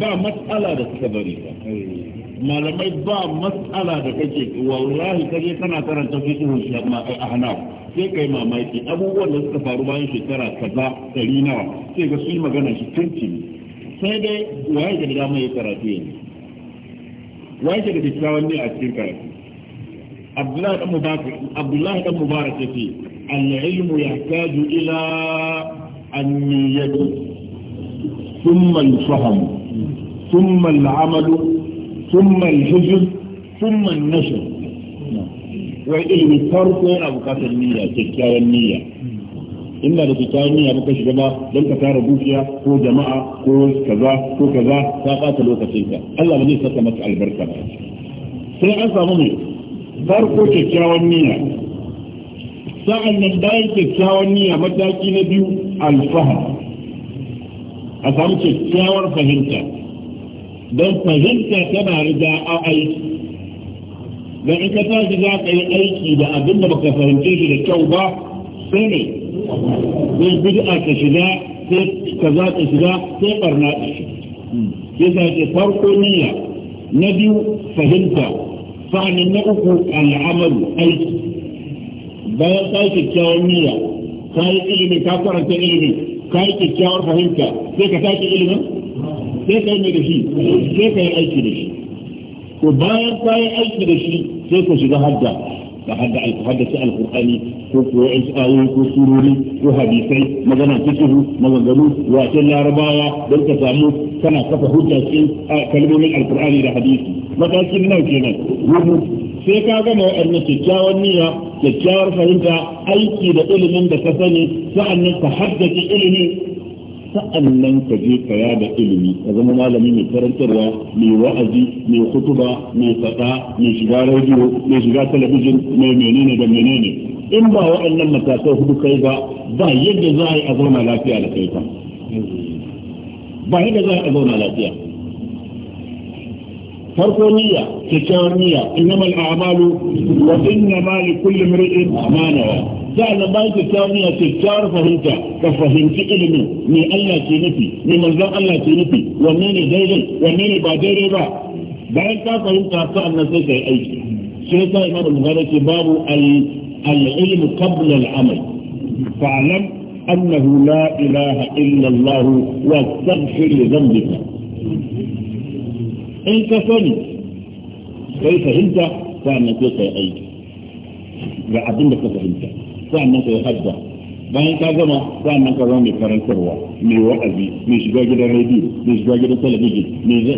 با مسألة matsala ما لم يبقى مسألة malamai والله كذلك أنا ترى تفيته الشيء ما أحناه sai kai mamaki abubuwan da suka faru bayan shekara kaza ɗari nawa sai ga sun magana shi tuntuni sai dai waye ke da dama ya karatu yanzu waye ke da kyakkyawan ne a cikin karatu Abdullahi dan Mubarak Abdullahi dan Mubarak yace al-ilmu yahtaju ila an-niyyah thumma al-fahm thumma al-amal thumma al wai ilimin farko yana bukatar niyya kyakkyawan niyya in da kyakkyawan niyya baka shiga ba don ka tara dukiya ko jama'a ko kaza ko kaza ka ɓata lokacinka Allah ba zai saka maka albarka ba sai an samu mai farko kyakkyawan niyya sa'an nan bayan kyakkyawan niyya mataki na biyu alfaham. a samu kyakkyawar fahimta don fahimta tana riga a aiki da in ka tashi za ka yi aiki da abin da baka fahimce shi da kyau ba sai ne sai bid'a ta shiga sai kaza ta shiga sai barna ta shiga yasa ce farko niyya na biyu fahimta sa'anin na uku al'amalu aiki bayan ka yi kyakkyawar niyya ka yi ilimi ka karanta ilimi ka yi kyakkyawar fahimta sai ka tashi ilimin sai ka yi da shi sai ka yi aiki da shi to bayan ka aiki da shi sai ku shiga hadda ka hadda haddace alkur'ani ko kuwa yan ayoyi ko surori ko hadisai magana fikihu maganganu wasan larabawa don ka samu kana kafa hujja cikin kalmomin alkur'ani da hadisi matakin nan kenan rubutu sai ka gama waɗannan kyakkyawar niyya kyakkyawar fahimta aiki da ilimin da ka sani sa'annan ka haddace ilimi sa'annan ka je ka yada ilimi ka zama malami mai karantarwa mai wa'azi mai kutuba mai fada mai shiga rediyo mai shiga talabijin mai menene da menene in ba wa’annan matakai hudu kai ba ba yadda za a yi a zauna lafiya da kai kan ba yadda za a zauna lafiya farko niyya kyakkyawar niyya innamal a'malu wa innamal kulli mar'in ma nawa sa'annan bayan kyakkyawar niyya kyakkyawar fahimta ka fahimci ilimin me Allah ke nufi me manzon Allah ke nufi wanne ne daidai wanne ne ba daidai ba bayan ka fahimta sa'annan sai ka yi aiki sai yasa imam al-bukhari ce babu al-ilm qabla al-amal fa'lam annahu la ilaha illa Allah wa astaghfir li dhanbika in ka sani kai fahimta sa'annan sai ka yi aiki ga abin da ka fahimta sa'annan ka yi hadda bayan ka gama sa'annan ka zama mai karantarwa mai wa'azi mai shiga gidan rediyo mai shiga gidan talabijin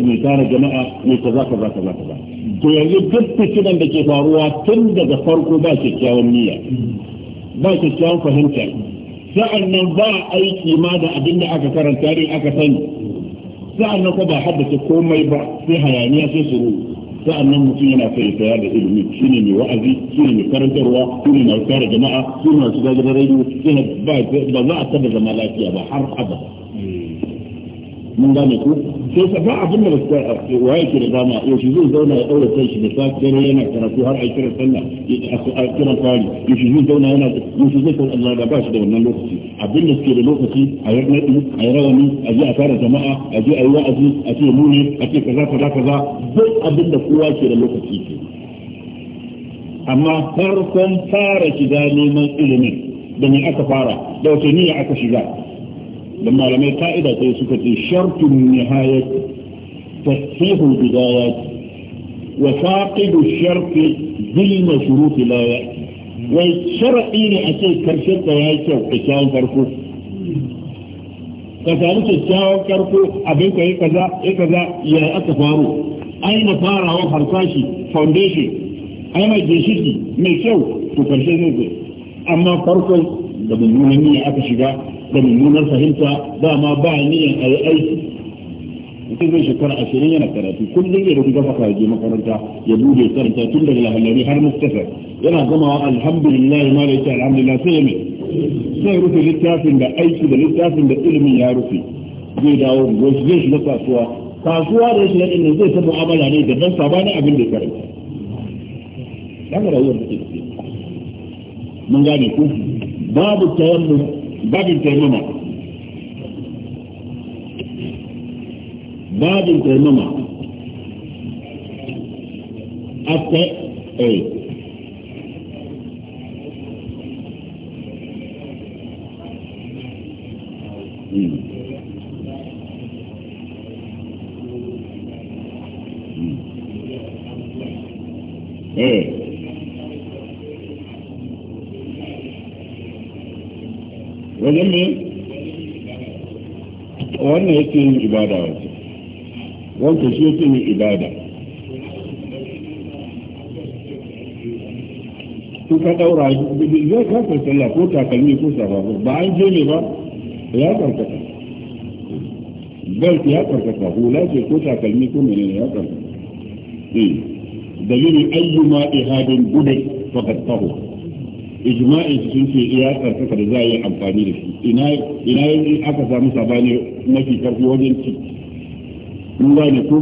mai tara jama'a mai kaza kaza kaza kaza to yanzu duk fitinan da ke faruwa tun daga farko ba kyakkyawan niyya ba kyakkyawan fahimta sa'annan ba aiki ma da abin da aka karanta ne aka sani sa'annan ko ba haddace komai ba sai hayaniya sai su suru sa'annan mutum yana sai saya da ilimi shine mai wa'azi shine mai karantarwa shine mai kare jama'a shine mai shiga gidan rediyo shine ba za a taba zama lafiya ba har abada mun gane ku sai ka ba abin da ba waye ke da dama yaushe zai zauna ya daura kai shi da safi dare yana karatu har a kira sallah a kira fari yaushe zai zauna yana yaushe zai san Allah ba shi da wannan lokaci abin da suke da lokaci a yi nadi a yi rawani a je a fara jama'a a je a yi wa'azi a ce mu ne a ce kaza kaza kaza duk abin da kowa ke da lokaci amma farkon fara shiga neman ilimin da me aka fara da wata niyya aka shiga dan malamai ka'ida sai suka ce shartun nihayat tasihul bidayat wa faqidu sharti zilma shuruti la ya wai sharadi ne a ce karshen ka ya kyau kyakkyawan farko ka samu kyakkyawan farko abin ka yi kaza yi ya aka faru aina farawa harsashi foundation aina ginshiki mai kyau to karshe zai amma farkon da mummunan niyya aka shiga da mummunar fahimta ba ma ba niyan a yi aiki mutum zai shekara ashirin yana karatu kullum ya rubu gafa kaje makaranta ya bude karanta tun daga lahalari har mustafar yana gamawa alhamdulillah ma da yake alhamdulillah sai ya mai sai rufe littafin da aiki da littafin da ilimin ya rufe zai dawo wasu zai shiga kasuwa kasuwa da yake ne zai ta mu'amala ne da dan sabanin abin da ya karanta dan rayuwar da take mun gane ku babu tayammum babin tayammuma babin tayammuma أت... wanne wannan yake yin ibada wace wancan shi yake yin ibada su ka daura zai kafin sallah ko takalmi ko sababu ba an je ne ba ya karkata belt ya karkata hula ce ko takalmi ko menene ya karkata dalilin ayyuma ihadin budai fakat tahur ijma'in sun ce iya karfafa da za a yi amfani da shi ina yin aka samu sabani mafi karfi wajen ci mun gane ko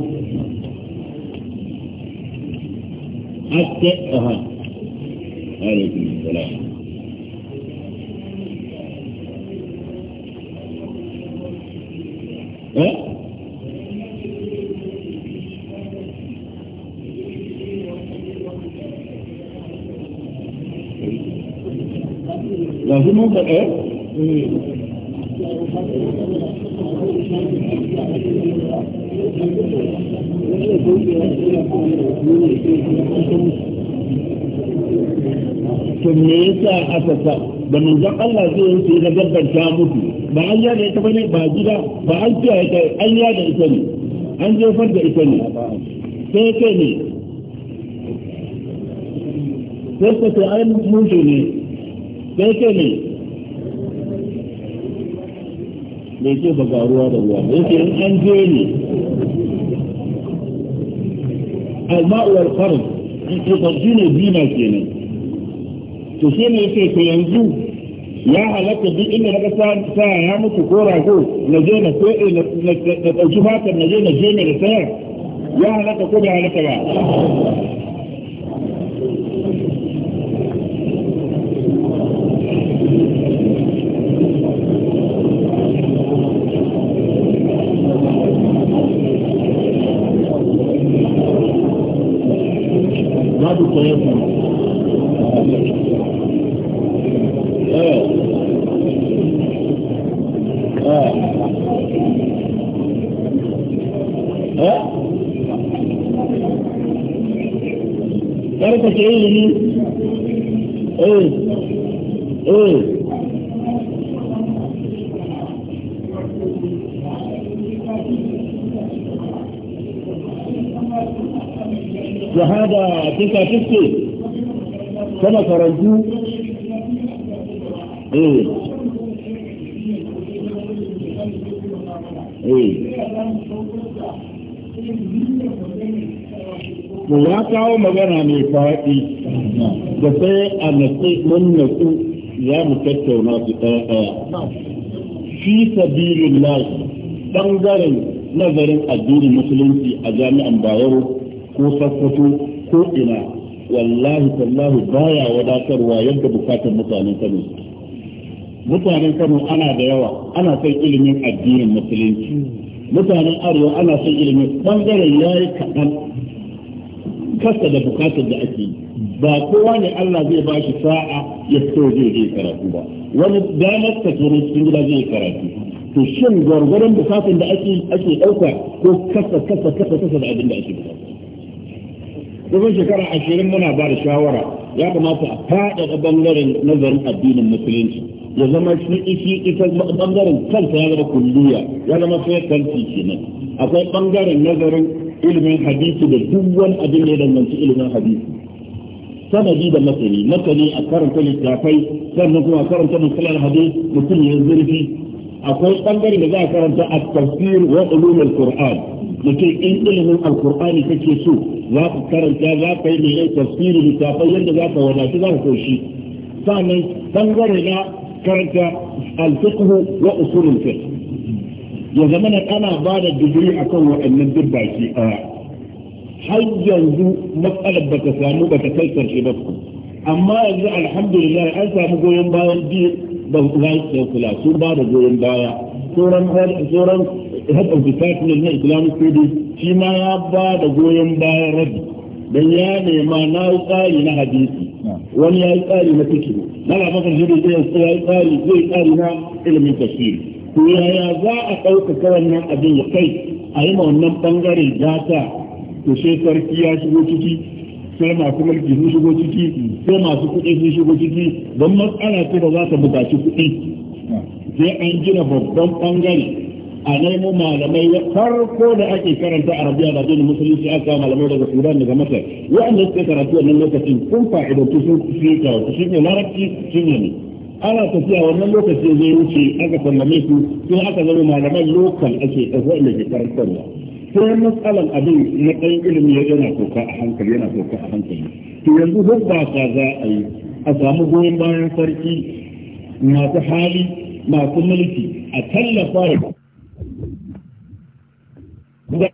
aske aha alaikum salam eh yanzu mun eh? yasa aka sa Allah zai yi sai ta mutu ba an da ita ba gida ba an an da ita ne an jefar da ita ne sai kai ne sai ka ne sai ce ne bai ce ba ruwa da ruwa bai ce in an je ne alma'uwar uwar farin to ba shi ne ke nan to shi ne ce ta yanzu ya halatta duk inda na kasa ta ya mutu ko rago na je na ko eh, na ɗauki fatar na je na je na da saya ya halatta ko da halatta ba تركك إيه إيه إيه وهذا تسعة تسعة كما فرنجوه ايه ايه mu ya kawo magana mai faɗi da sai a nasu mun nasu ya mu tattauna su ɗaya ɗaya fi sabirin lai ɓangaren nazarin addinin musulunci a jami'an bayar ko sakkwato ko ina wallahi tallahi baya wadatarwa yadda bukatar mutanen kano mutanen kano ana da yawa ana son ilimin addinin musulunci mutanen arewa ana son ilimin ɓangaren ya yi kaɗan kasa da bukatar da ake ba kowa ne Allah zai ba shi sa'a ya fito zai je karatu ba wani damar ta turo cikin gida zai karatu to shin gwargwaron bukatar da ake ake dauka ko kasa kasa kasa kasa da abin da ake bukata kusan shekara ashirin muna ba da shawara ya kamata a faɗaɗa ɓangaren nazarin addinin musulunci ya zama shi ishi ita bangaren kanta ya zama kulliya ya zama sai kanti kenan akwai ɓangaren nazarin ilimin hadisi da duk wani abin da ya danganci ilimin hadisi sanadi da masani masani a karanta littafai sannan kuma karanta musalar hadis mutum ya zurfi akwai bangare da za a karanta a tafsir wa ulumul qur'an mutum in ilimin alqur'ani kake so za ka karanta za ka yi mai tafsiri littafai yadda za ka wadatu za ka koshi sannan bangare na karanta al wa usulul fiqh ya zama na kana ba da digiri a kan waɗannan duk baki ɗaya har yanzu matsalar ba ta samu ba ta kai karshe ba amma yanzu alhamdulillah an samu goyon bayan biyu da kula sun ba da goyon baya sauran head of department na islamic studies shi ma ya ba da goyon bayan rabi Dan ya nema na yi tsari na hadisi wani ya yi tsari na fikiru na labakan shi da zai ya yi tsari zai tsari na ilimin tafsiri yaya za a ɗaukaka wannan abin ya kai a yi ma wannan ɓangare ta to sai sarki ya shigo ciki sai masu mulki sun shigo ciki sai masu kuɗi sun shigo ciki don matsala ce da za ta buƙaci kuɗi sai an gina babban ɓangare a nemo malamai farko da ake karanta arabiya da dole musulunci aka kawo malamai daga sudan daga masar wa'anda suke karatu wannan lokacin kun fa'idantu sun fi kawo shi ne larabci shi ne ana tafiya wannan lokaci zai wuce aka sallame su sai aka zama malaman lokal ake ɗaukar da ke karantarwa sai matsalan abin na ɗan ilimi yana koka a hankali yana koka a hankali to yanzu ba ka za a yi a samu goyon bayan sarki masu hali masu mulki a tallafa da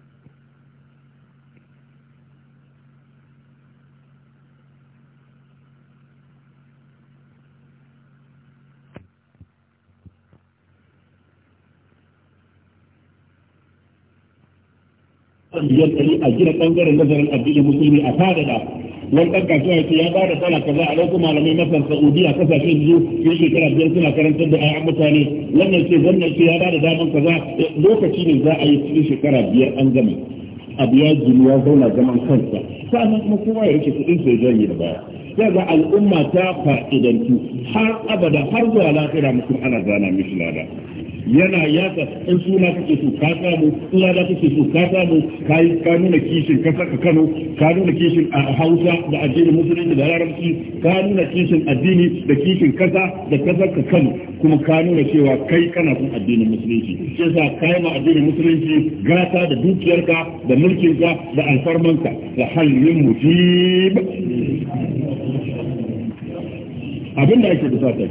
biyar ɗari a gina ɓangaren nazarin addinin musulmi a da wani ɗan kasuwa ya ce ya ba da sana kaza a lokacin malamai masar saudiya kasashen biyu ya shekara biyar suna karantar da ayan mutane wannan ce wannan ce ya ba da daman kaza eh, lokaci ne za a yi cikin shekara biyar an gama abu ya jini ya zauna zaman kansa sa'annan kuma kowa ya rike kuɗin sai yi da baya sai ga al'umma ta fa'idantu har abada har zuwa lafiya mutum ana zana mishi lada yana yatsa in suna kake so ka samu in lada kake so ka samu ka ka nuna kishin ka saka Kano ka nuna kishin a Hausa da addinin musulunci da Larabci ka nuna kishin addini da kishin kasa da kasar ka Kano kuma ka nuna cewa kai kana son addinin musulunci shi yasa kai ma addinin musulunci gata da dukiyarka da mulkinka da alfarmanka da halin mujib abin da ake ta ke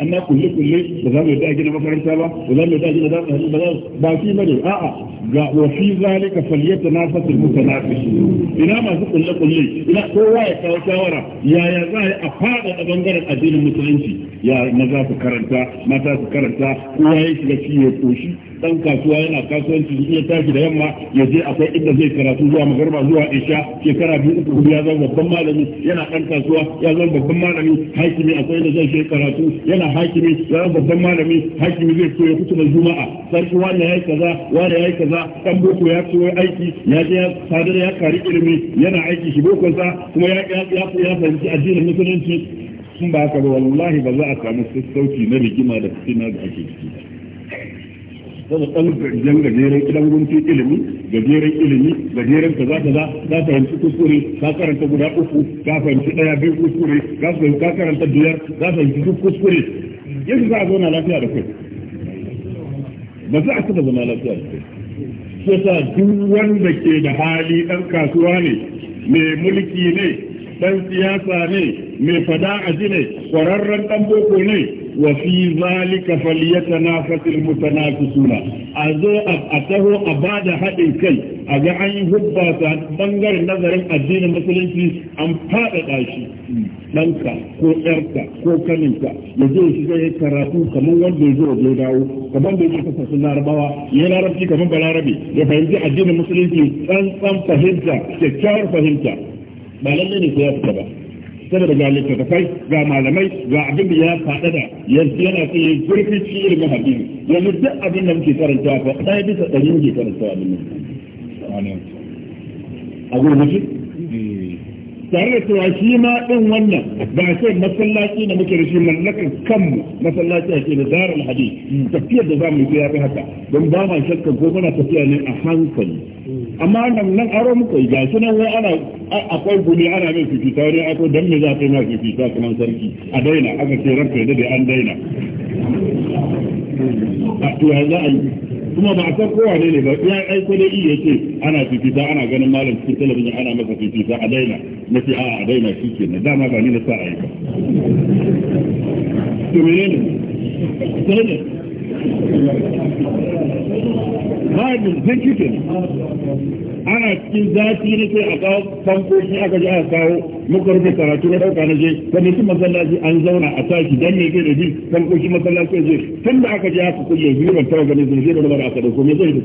an na kulle kulle ba za mu yi a gina makaranta ba ba za mu yi a gina ba za ba fi a'a ga wa na zalika falyata na mutanafisu ina masu kulle kulle ina kowa ya kawo shawara yaya za a yi a fada da bangaren addinin musulunci ya maza su karanta mata su karanta kowa ya shiga shi ya koshi dan kasuwa yana kasuwanci ya tashi da yamma ya je akwai inda zai karatu zuwa magarba zuwa isha shekara biyu uku hudu ya zama babban malami yana dan kasuwa ya zama babban malami hakimi akwai inda zai karatu yana ana hakimi sai babban malami hakimi zai so ya da juma'a sarki ya yi kaza ya yi kaza kan boko ya so aiki ya je ya sadar ya kari ilimi yana aiki shi boko sa kuma ya ya ya fahimci addinin musulunci sun ba haka wallahi ba za a samu sassauci na rigima da fitina da ake ciki saboda ɗan gajeren gajeren idan gunfi ilimi gajeren ilimi gajeren kaza za ka fahimci kuskure ka karanta guda uku ka fahimci ɗaya biyu kuskure ka fahimci ka karanta biyar ka fahimci duk kuskure yadda za a zauna lafiya da kai ba za a taɓa zama lafiya da kai sa duk wanda ke da hali ɗan kasuwa ne mai mulki ne ɗan siyasa ne mai fada aji ne ƙwararren ɗan boko ne وفي ذلك فليتنافس المتنافسون أزو أبأته أباد حد كي أجعي هبا بنجر نظر الدين المسلم في أمفاد العشي ɗanka ko ƴarka ko kaninka ya zo shi zai karatu kamar wanda ya zo ya dawo kamar da ya kasa sun larabawa ya larabci kamar balarabe ya fahimci addinin musulunci tsantsan fahimta kyakkyawar fahimta ba ne ba saboda ga littattafai ga malamai ga abin da ya faɗa da yanzu yana so ya zurfi shi ilimin hadisi yanzu duk abin da muke karanta ko ɗaya bisa ɗari muke karanta abin nan a gurbaci eh. tare da cewa shi ma ɗin wannan ba sai masallaci da muke da shi mallakar kanmu masallaci a ke da zarar hadisi hmm. tafiyar da za mu yi ya fi haka don ba ma shakka ko muna tafiya ne a hankali hmm. amma nan nan aro muku ga gashi nan wai ana akwai gumi ana mai fifita wani akwai dan me za ta yi ma fifita kuma sarki a daina aka ce ranka da an daina a to ya za a yi kuma ba a san kowa ne ne ba ya aiko da iya ce ana fifita ana ganin malam cikin talabijin ana masa fifita a daina na ce a a daina shi ke na dama ba ni na sa a yi ba to menene sai Bible zan kike ana cikin zafi na ce a kawo fankoshi aka ji aka kawo muka rufe karatu na ɗauka na je wani su masallaci an zauna a tashi dan ne kai da bi fankoshi masallaci je tun da aka je aka kulle zuwa tara ganin zai da aka dauko me zai da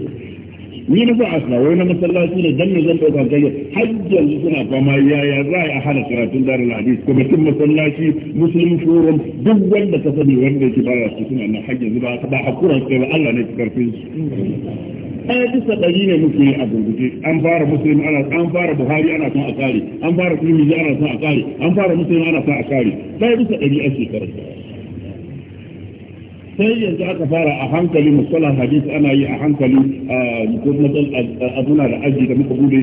ni na sa asna wai na masallaci ne dan ne zan dauka kai hajjan suna fama yaya za a hana karatun darul hadis kwamitin masallaci muslim forum duk wanda ka sani wanda ya yake baya su suna nan hajjan ba a ba hakura sai Allah ne karfin su ɗaya bisa ɗari ne muke a gurguje an fara musulmi ana an fara buhari ana son a kare an fara turmizi ana son a kare an fara musulmi ana son a kare ɗaya bisa ɗari a shekarar sai yanzu aka fara a hankali musallan hadisi ana yi a hankali ko abuna da aji da muka bude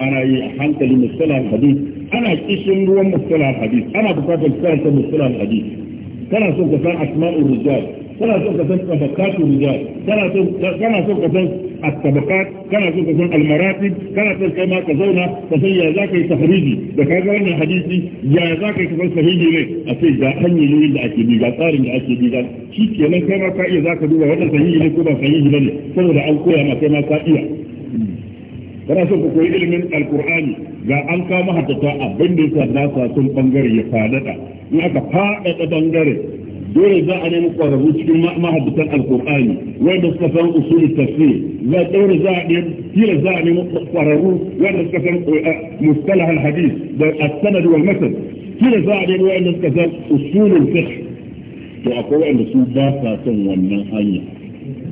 ana yi a hankali musallan hadisi ana kishin ruwan musallan hadisi ana bukatar ta musallan hadisi kana son ka san asma'ur rijal kana son ka san tabakatu rijal kana son kana son ka san at-tabakat kana son ka san al-maratib kana son kai ma ka zauna ka san ya zaka yi tahriji da ka ga wannan hadisi ya zaka yi tahriji ne a ce ga hanyoyin da ake bi ga tsarin da ake bi ga shi kenan kai ma ka iya zaka duba wannan sahihi ne ko ba sahihi ne saboda an koya ma kai ma ka iya kana so ka koyi ilimin alkur'ani ga an kama haddata abin da yasa nasa sun bangare ya fadada in aka fadada bangare dole za a nemi kwararru cikin mahabbatan alkur'ani wanda suka san usul tafsir za dole za a nemi kila za a nemi kwararru wanda suka san eh, mustalah alhadith da as-sanad wal matn kila za a nemi wanda suka san usul fiqh to akwai wanda su ba sa son wannan hanya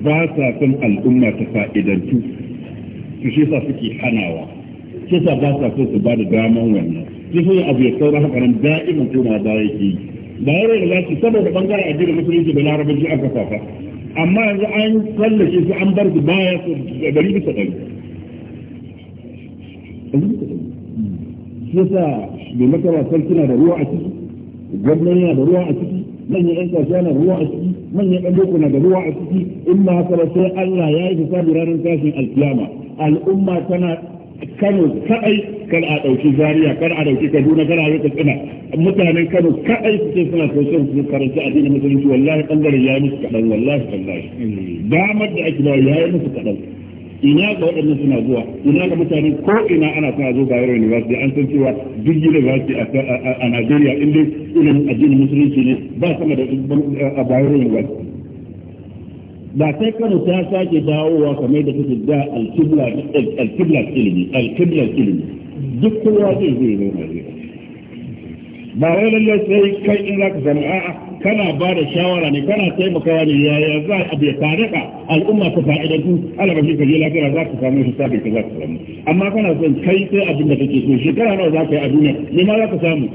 ba sa son al'umma ta fa'idantu su shi sa suke hanawa shi sa ba sa son su ba da daman wannan shi abu ya saura haka nan da'iman koma ba yake yi da ya rai da zaki saboda bangaren addinin musulunci da larabanci aka safa amma yanzu an kallashe su an bar su baya su gari bisa ɗari shi yasa da makara sarki na da ruwa a ciki gwamnati na da ruwa a ciki manyan yan kasuwa na da ruwa a ciki manyan yan boko na da ruwa a ciki in ma haka sai Allah ya yi hisabi ranar tashin alkiyama al'umma tana kano kadai kar a ɗauki zariya kar a ɗauki kaduna kar a dauki tsina mutanen kano kadai su suna so son su karanci addinin musulunci wallahi bangaren ya yi musu kaɗan wallahi wallahi damar da ake bawa ya yi musu kaɗan ina ga waɗannan suna zuwa ina ga mutane ko ina ana suna zo Bayero university an san cewa duk university a Najeriya inda ilimin addinin musulunci ne ba sama da a Bayero university da sai kano ta sake dawowa kamar da take da alkibla alkibla ilimi alkibla ilimi duk kowa zai zai zo Najeriya ba wai lallai sai kai in zaka zama a'a kana ba da shawara ne kana taimakawa ne ya ya za a biya faraka al'umma ta fa'idantu ala ba shi ka je lafiya za ka samu shi sabi ka za ka samu amma kana son kai sai abin da kake so shekara nawa za ka yi a duniya ne ma za ka samu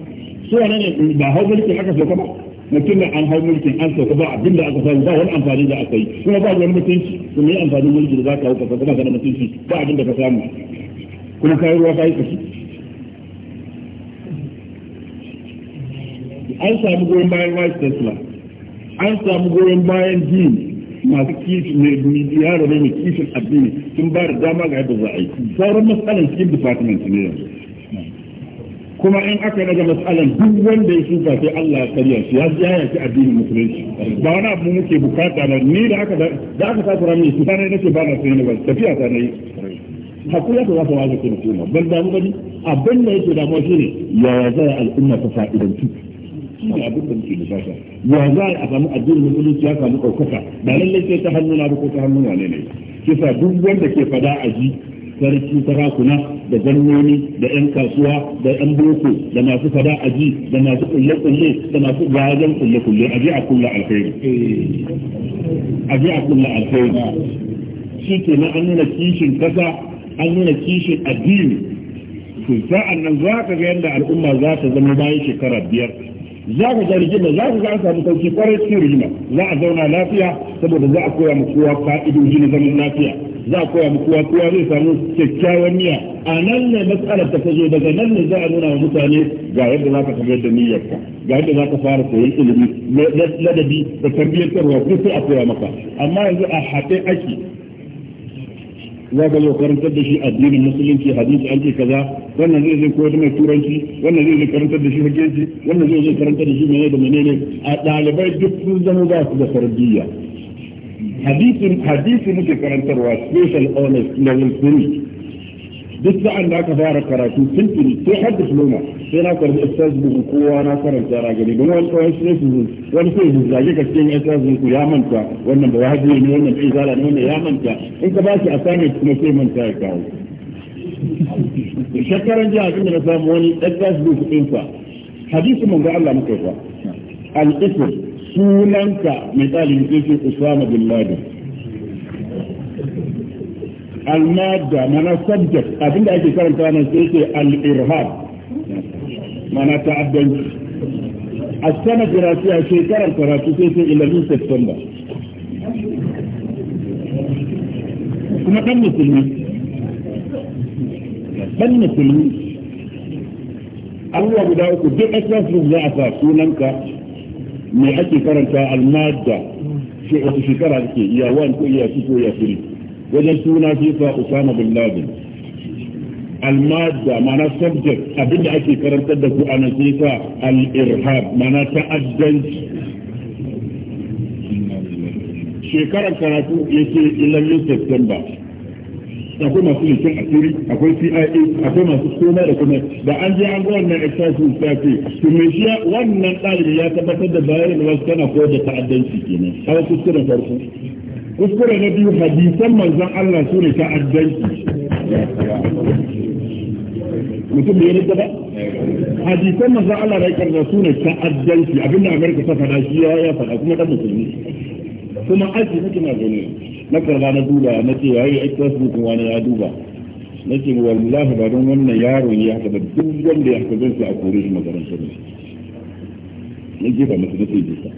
so ne ba hau mulkin aka so ka ba mutum na an hau mulkin an sauka ba abin da aka samu ba wani amfani da aka yi kuma ba wani mutunci kuma yi amfani mulki da za ka hauka hau ka da mutunci ba abin da ka samu kuma kayan ruwa ka yi kashi an samu goyon bayan vice tesla an samu goyon bayan jini masu kishin ne yaro ne mai kishin addini sun ba da dama ga yadda za a yi sauran matsalan cikin department ne yanzu kuma in aka daga matsalan duk wanda ya shuka sai Allah ya karya shi ya ya yaki addinin musulunci ba wani abu muke bukata ba ni da aka da aka sa turamin shi sai nake ba na sai ba tafiya ta nayi hakuri da za ta wazo kin kuma ban da mu bane abin da yake damuwa shine ya zai al'umma ta fa'idanci shine abin da muke bukata ya za a samu addinin musulunci ya samu ɗaukaka ba lallai sai ta na ba ko ta hannuna ne ne kisa duk wanda ke fada a ji sarki sarakuna da gwamnoni da yan kasuwa da yan boko da masu fada aji da masu kulle kulle da masu gajen kulle kulle aji a kulla alkhairi aji a kulla alkhairi shi ke na an nuna kishin kasa an nuna kishin addini to sa'an nan za ka ga yadda al'umma za ta zama bayan shekara biyar za ka ga rigima za ka ga an samu sauki kwarai cikin rigima za a zauna lafiya saboda za a koya ma kowa fa'idoji na zaman lafiya za a koya muku kowa zai samu kyakkyawan niyya a nan ne matsalar ta zo daga nan ne za a nuna wa mutane ga yadda za ka tafiyar da niyyarka ga yadda za ka fara koyon ilimi ladabi da tarbiyyantarwa ko sai a koya maka amma yanzu a haɗe ake za ka zo karantar da shi addinin musulunci hadisi an ce kaza wannan zai zai koyar mai turanci wannan zai zai karantar da shi hakenci wannan zai zai karantar da shi menene da menene a ɗalibai duk sun zama za su da tarbiyya hadisin hadisi muke karantarwa special honors level 3 duk sa'an da aka fara karatu sun tuni sai har diploma sai na karbi estaz buku kowa na karanta na gani don wani kawai sai su wani sai su zage ka cikin estaz buku ya manta wannan ba wahabi ne wannan sai zala ne wannan ya manta in ka ba shi assignment kuma sai manta ya kawo shekaran jiya abin da na samu wani estaz buku ɗinsa hadisi manzo Allah muka yi fa al-isr sunanka mai ɗalin yake Usama bin Laden al-madda mana subject abinda ake karanta nan sai yake al-irhab mana ta'addanci a sana karatu a shekarar karatu sai sai ilalin september kuma ɗan musulmi ɗan musulmi abubuwa guda uku duk exercise za a sa sunanka me ake karanta almadda shi wata shekara da ke iya wan ko iya ko iya tiri wajen suna shi sa usama bin laden almadda mana subject abinda ake karantar da ku ana sai sa al-irhab mana ta'addanci shekarar karatu yake ilan september akwai masu leƙen asiri akwai cia akwai masu suna da kuma da an ji an ga wannan exercise ta ce to me shi wannan ɗalibi ya tabbatar da bayan da wasu tana koyar da ta'addanci kenan wasu kuskuren farko kuskure na biyu hadisan manzon Allah su ne ta'addanci mutum da ya rika ba hadisan manzon Allah da ya su ne ta'addanci abinda amurka ta faɗa shi ya faɗa kuma ɗan musulmi kuma aji nake na zaune na karba na duba na ce yayi expressbook wani ya duba na ce wallahi ba don wannan yaro ne haka ba duk wanda ya haka zan a kore shi makarantar ne na jefa masu da sai jefa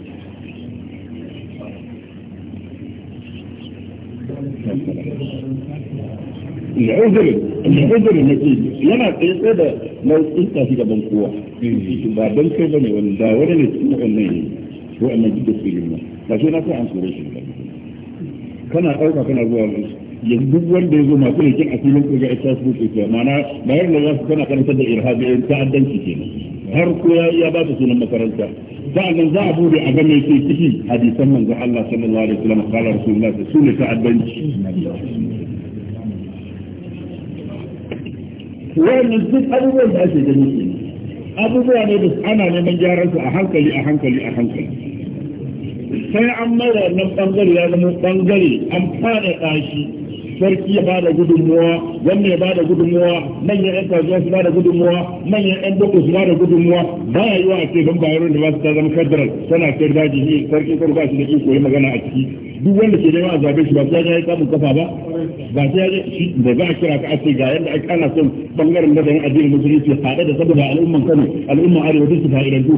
uzuri uzuri na ce yana tsaye da nau'in tafi gaban kowa ba don kai ba ne wani da wani ne cikin wannan yi ko annan duk da su yi ba ba sai na sai an kore shi ba kana ɗauka kana zuwa musu yanzu wanda ya zo masu da kin asirin ko ga ita su ke mana bayar da za su kana karantar da irhabi in ta'addanci kenan har ko ya iya ba su sunan makaranta sa'annan za a bude a ga mai ke ciki hadisan manzo Allah sallallahu alaihi wasallam qala rasulullah su ne ta'addanci wannan duk abubuwan da ake gani abubuwa ne da ana neman gyaran su a hankali a hankali a hankali sai an mai wannan bangare ya zama bangare an fada shi sarki ya bada gudunmuwa wannan ya bada gudunmuwa manyan yan kasuwa su bada gudunmuwa manyan yan doko su bada gudunmuwa ba ya yi wa a ce don bayarwar da ba su ta zama federal tana sayar daji ne sarki kan ba shi da iko yi magana a ciki duk wanda ke neman a zabe shi ba sai ya yi kamun kafa ba ba sai ya shi da za a kira ka ce ga yanda ake ana son bangaren da nazarin addinin musulunci haɗe da saboda al'umman Kano al'umman Arewa duk su fa'idantu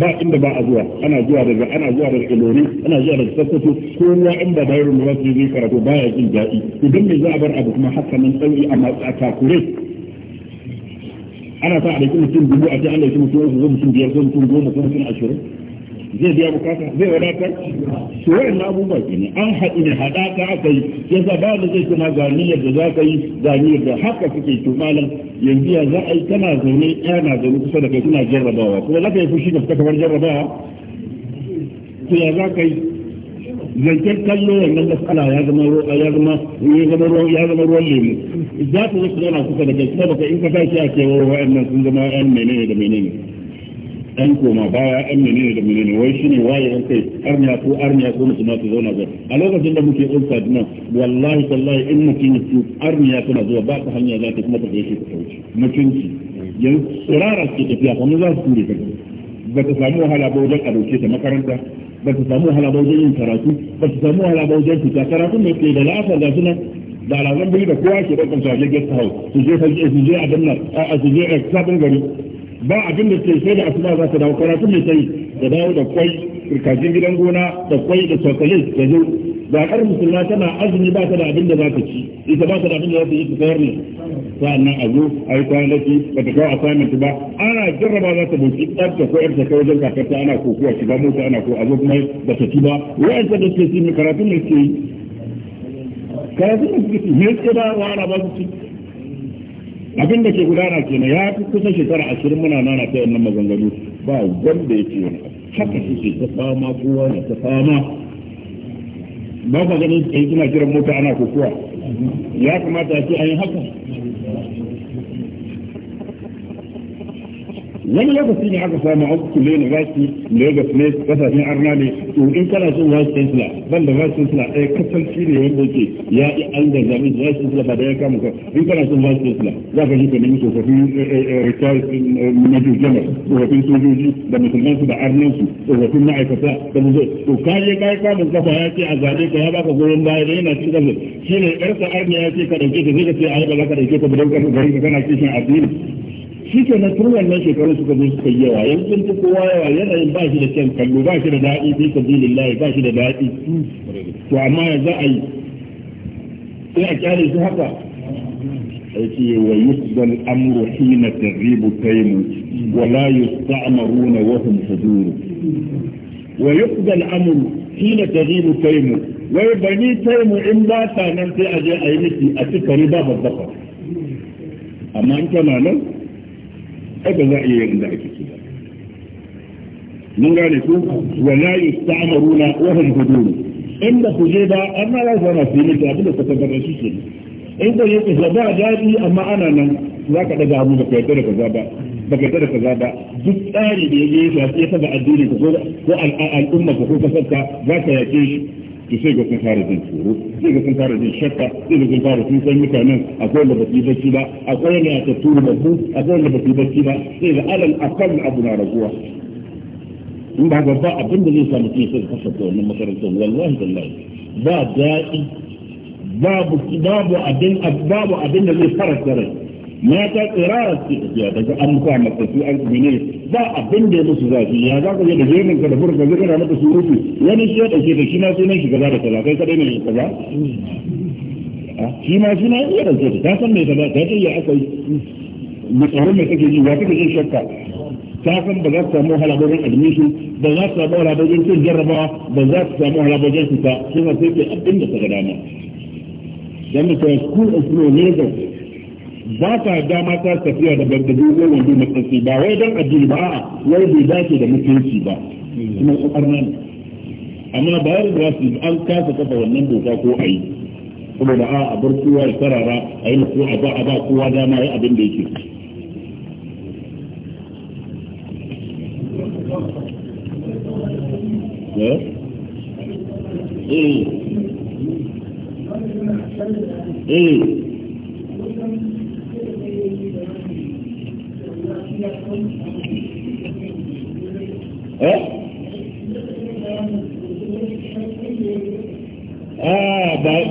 ba inda ba a zuwa ana zuwa daga ana zuwa daga Ilori ana zuwa daga Sokoto ko ruwa in ba bayar mu ba su yi karatu baya jin daɗi idan me za a bar abu kuma haka nan tsauri a takure ana sa a ɗauki mutum dubu a ce an ɗauki mutum uku ko mutum biyar ko mutum goma ko mutum ashirin zai biya bukata zai wadata su wa'in abubuwa ke ne an haɗu da haɗaka aka yi ya sa ba da zai kuma ga niyyar da za ka yi ga niyyar da haka suke to malam yanzu ya za a yi kana zaune ɗaya na zaune kusa da kai kuna jarrabawa kuma za ka yi fushi da fita kamar jarrabawa to ya za ka yi zancen kallo wannan matsala ya zama ya zama ya zama ruwan ya zama ruwan lemu za ta zo su zauna kusa da kai kuma baka in ka tashi a cewa wa'annan sun zama 'yan menene da menene ɗan koma baya an menene da menene wai shine wayewan kai arniya ko arniya ko musulma su zauna zai a lokacin da muke ɗan saduna wallahi tallahi in mutum su arniya tana zuwa ba ta hanya za ta kuma ta kai shi ta kauce mutunci yanzu tsirara suke tafiya kuma za su ture kai ba ta samu wahala ba wajen a dauke ta makaranta ba ta samu wahala ba wajen yin karatu ba ta samu wahala ba wajen fita karatu da ke da la'asar ga suna da alazan biyu da kowa ke ɗaukar su a je guest house su je su je a danna a su je a sabon gari ba abin da ke sai da asuba za ta dawo karatu mai sai da dawo da kwai kirkajin gidan gona da kwai da chocolate da zo ba kar musulma tana azumi ba ta da abin da za ta ci ita ba ta da abin da za ta yi ta tsayar ne sa'annan a zo a yi kwanaki ba ta kawo assignment ba ana jarraba za ta boki tsabta ko yarta kai wajen kakarta ana ko kokuwa shiga mota ana ko a zo kuma ba ta ci ba wa'anta da suke ci ne karatu mai suke yi karatun ne ne ba wa ba su ci abin da ke gudana kenan ya fi kusa shekara ashirin muna nana ta yannan maganganu ba wanda ya ce wani haka suke ta fama kowa na ta fama ba ma ganin sai suna kiran mota ana kokowa ya kamata a ce an yi haka wani lokaci ne aka samu auku ne na zaki lagos ne kasashen arna ne to in kana son vice chancellor ban da vice chancellor ɗaya kasance ne wanda yake ya yi an da zaɓi vice chancellor ba da ya kama ka in kana son vice chancellor za ka ji nemi tsofaffin eh, eh, eh, retired major general tsofaffin sojoji da musulman su da arnan su tsofaffin ma'aikata da mu to ka je ka yi kamun kafa ya ce a zaɓe ka ya baka goyon baya da yana cikin kasar shi ne arna ya ce ka ɗauke ta zai ka ce a yi ba za ka ɗauke ta ba don garin ka kana kishin addini shi ke na tun nan shekaru suka zo suka yi yawa yanzu sun kowa yawa yanayin ba shi da kyan kallo ba shi da daɗi fi layi, ba shi da daɗi to amma ya za a yi sai a kyale su haka yake wa yusbal amru hina taribu taimu wa la yusta'maruna wa hum huduru wa yusbal amru hina taribu taimu wai bani taimu in ba ta nan sai a je a yi miki a cika riba babbaka amma in kana nan ai ba za a iya yadda ake ce mun gane ku la yusta'maruna wa hum hudud in da ku je ba amma za su zama su yi abin da ka tabbatar shi ke in ba yake da ba dadi amma ana nan za ka daga abu ba ka yarda da kaza ba ba ka yarda da kaza ba duk tsari da ya je ya shafi ya addini ko al'umma ko kasar ka za ka yake shi ki sai ga kin fara jin tsoro sai ga kin fara jin shakka sai ga kin fara san mutanen akwai wanda ba su bacci ba akwai wanda ya tatturu da ku akwai wanda ba su bacci ba sai alal abu na raguwa in ba ga ba abin da zai sai wannan makarantar wallahi wallahi ba daɗi babu abin da zai faranta mata tsirara suke tafiya da ga an kwa makasu an kumine ba abin da ya musu zafi ya za ka je da gemin ka da furka zai kana maka surutu wani shi ya ɗauke da shi ma sunan shi kaza da kaza kai kadai ne kaza shi ma suna iya ɗauke da ta san mai kaza ta iya aka yi da tsaron mai kake ji ba kake jin shakka ta san ba za su samu wahala wajen admission ba za su samu wahala wajen cin jarrabawa ba za su samu wahala wajen fita shi ma sai ke abin da ta ga dama. Dan mutum school of law ne da ba ta dama ta tafiya da gargaɗi ko wando na ƙarfi ba wai don addini ba a'a wai bai dace da mutunci ba kuma ƙarna ne amma ba yar da su an kasa kafa wannan doka ko ayi kuma saboda a a bar kowa ya sarara a yi ko a ba a ba kowa dama ya abin da yake eh eh, eh.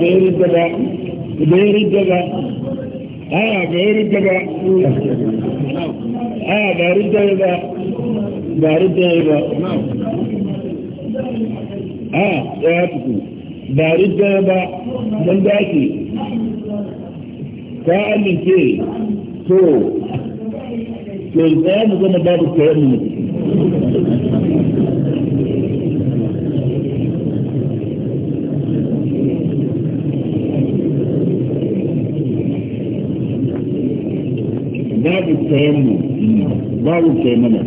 ba da ya ridda ba ba ba ya dace ta amince to to za mu zama babu tsayen mutum tayammu babu tayammuna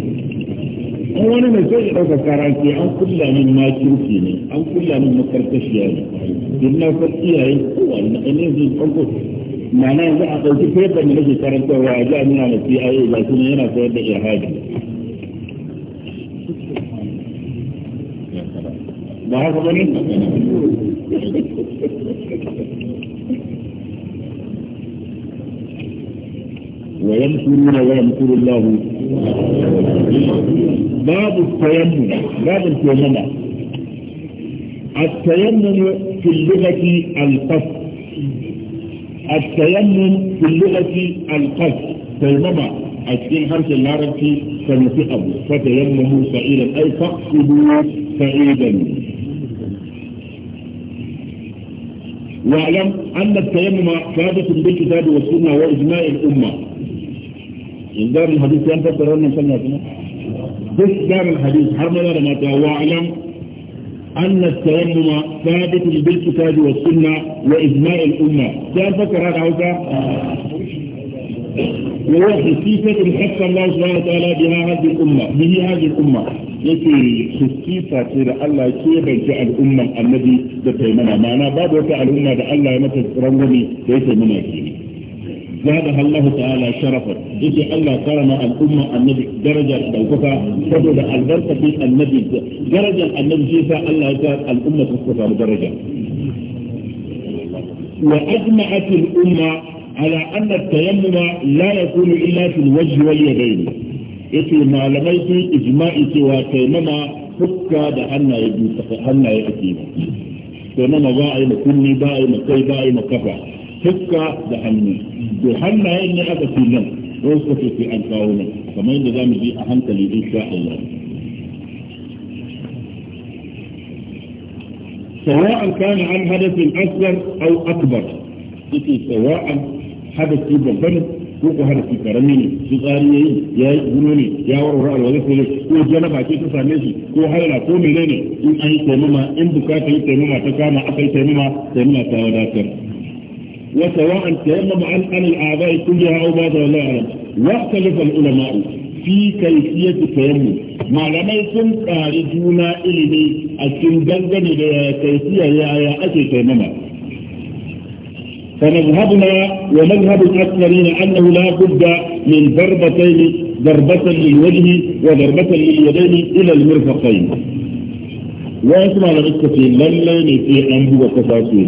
in wani mai sai ya ɗauka kara ke an kulla min ma kirki ne an kulla min makarkashiya ne don na fa iyaye kowa na ɗanen zai ɗauko mana yanzu a ɗauki fefar da nake karantarwa a ji a nuna na CIA ba shi ne yana koyar da ihadi ba haka ba ne? ويمكرون ويمكر الله باب التيمم باب التيمم التيمم في اللغة القصد التيمم في اللغة القصد تيمم أتكين حرف العربي فنفقه فتيمموا سعيدا أي فاقصدوا سعيدا واعلم أن التيمم ثابت بالكتاب والسنة وإجماع الأمة إذن الحديث الحديث حرمنا لما أن التيمم ثابت بالكتاب والسنة وإجماع الأمة كان فكر هذا عوكا وهو خصيصة حتى الله سبحانه وتعالى بها هذه الأمة به هذه الأمة يكي خصيصة سيرة الله كيف جاء الأمة الذي تتيمنا معنا بعد وفعل الأمة بأن الله يمتز رنغني ليس مناكيني زادها الله تعالى شرفا يجي الله كرم الأمة النبي درجة دوكتا سبب البركة في النبي درجة النبي جيسا الله يجعل الأمة تستفى درجة وأجمعت الأمة على أن التيمم لا يكون إلا في الوجه واليدين يتي ما لميت إجماعي سوى تيمم فكا بأن أن يجي بأن يأتينا تيمم باعي مكني باعي مكي باعي مكفى هكا دهنه دهنه يعني هذا في لا وصف في الكون فما النظام دي اهم تلي ان شاء الله سواء كان عن هدف اكبر او اكبر في سواء هدف في بلدان كوكو هدف في كرميني في غاريني يا ابنوني يا وراء الوظيفة لي كو جنبها كي تفهميشي كو هلا كو مليني ان اي تيمما ان بكاتي تيمما تكاما اكي تيمما تيمما تاوداتر وسواء تيمم عن عن الاعضاء كلها او ماذا لا اعلم واختلف العلماء في كيفيه التيمم ما لم يكن خارجون إلي a جنجن كيفية يا يا أكي تيمم فمذهبنا ومذهب الأكثرين أنه لا بد من ضربتين ضربة للوجه وضربة لليدين إلى المرفقين وأسمع لك في الليل في أنه وكفاته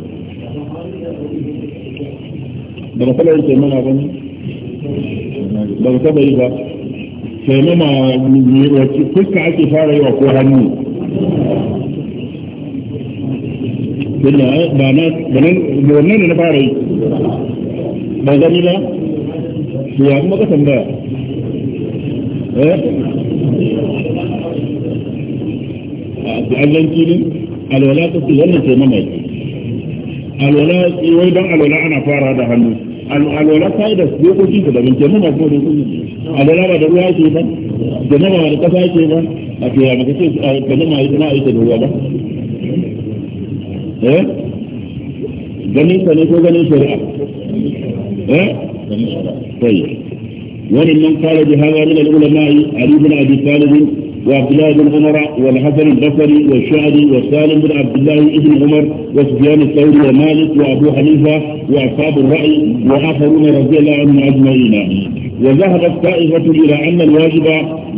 ba ka taɓa ake fara wa ko hannu eh, ba na wannan ne na yi ba gani ba kuma ka eh? alwala ta ce wannan taimama alwala eh, wai don alwala ana fara da hannu alwala fa'ida su dokokin ta daban jama'a ko da kuma da ruwa ba jama'a da kasa ba a ya maka ce jama'a tana aika da ruwa ba eh ganin sa ne ko ganin shari'a eh Wani man kala bi hawa ali ibn abi talib وعبد الله بن عمر والحسن البصري والشعري وسالم بن عبد الله بن عمر وسفيان الثوري ومالك وابو حنيفه واصحاب الراي واخرون رضي الله عنهم اجمعين وذهبت طائفه الى ان الواجب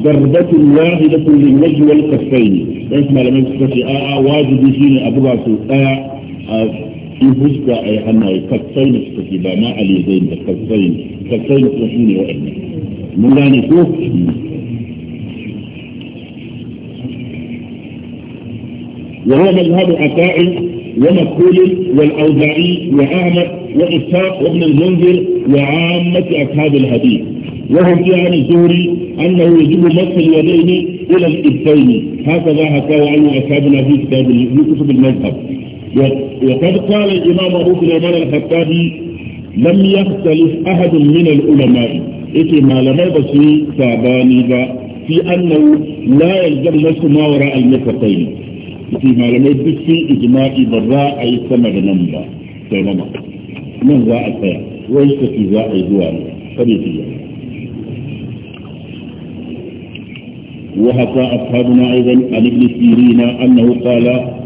ضربه واحده للوجه والكفين اسمع لما تستطيع آه،, آه واجب شيء ابو راسو آه آه في فسكة أي حنا كفين استجيبا ما اليدين كفين كفين تشيني وإنا من لا نشوف وهو مذهب عطاء ومقبول والأوزاعي واعمق وإسحاق وابن المنذر وعامة أصحاب الحديث وهم في عن الزهري أنه يجب مسح اليدين إلى الكفين هكذا حكاه عنه أصحابنا في كتاب كتب المذهب وقد قال الإمام أبو سليمان الخطابي لم يختلف أحد من العلماء اتي ما لم يبصي ثاباني في أنه لا يلزم نفسه ما وراء المرفقين فيما يلبس إجماع براء أي ثمر نمرة ثمرة من راء الحياة وليس في راء الجوال فليتي وحكى أصحابنا أيضا عن ابن سيرينا أنه قال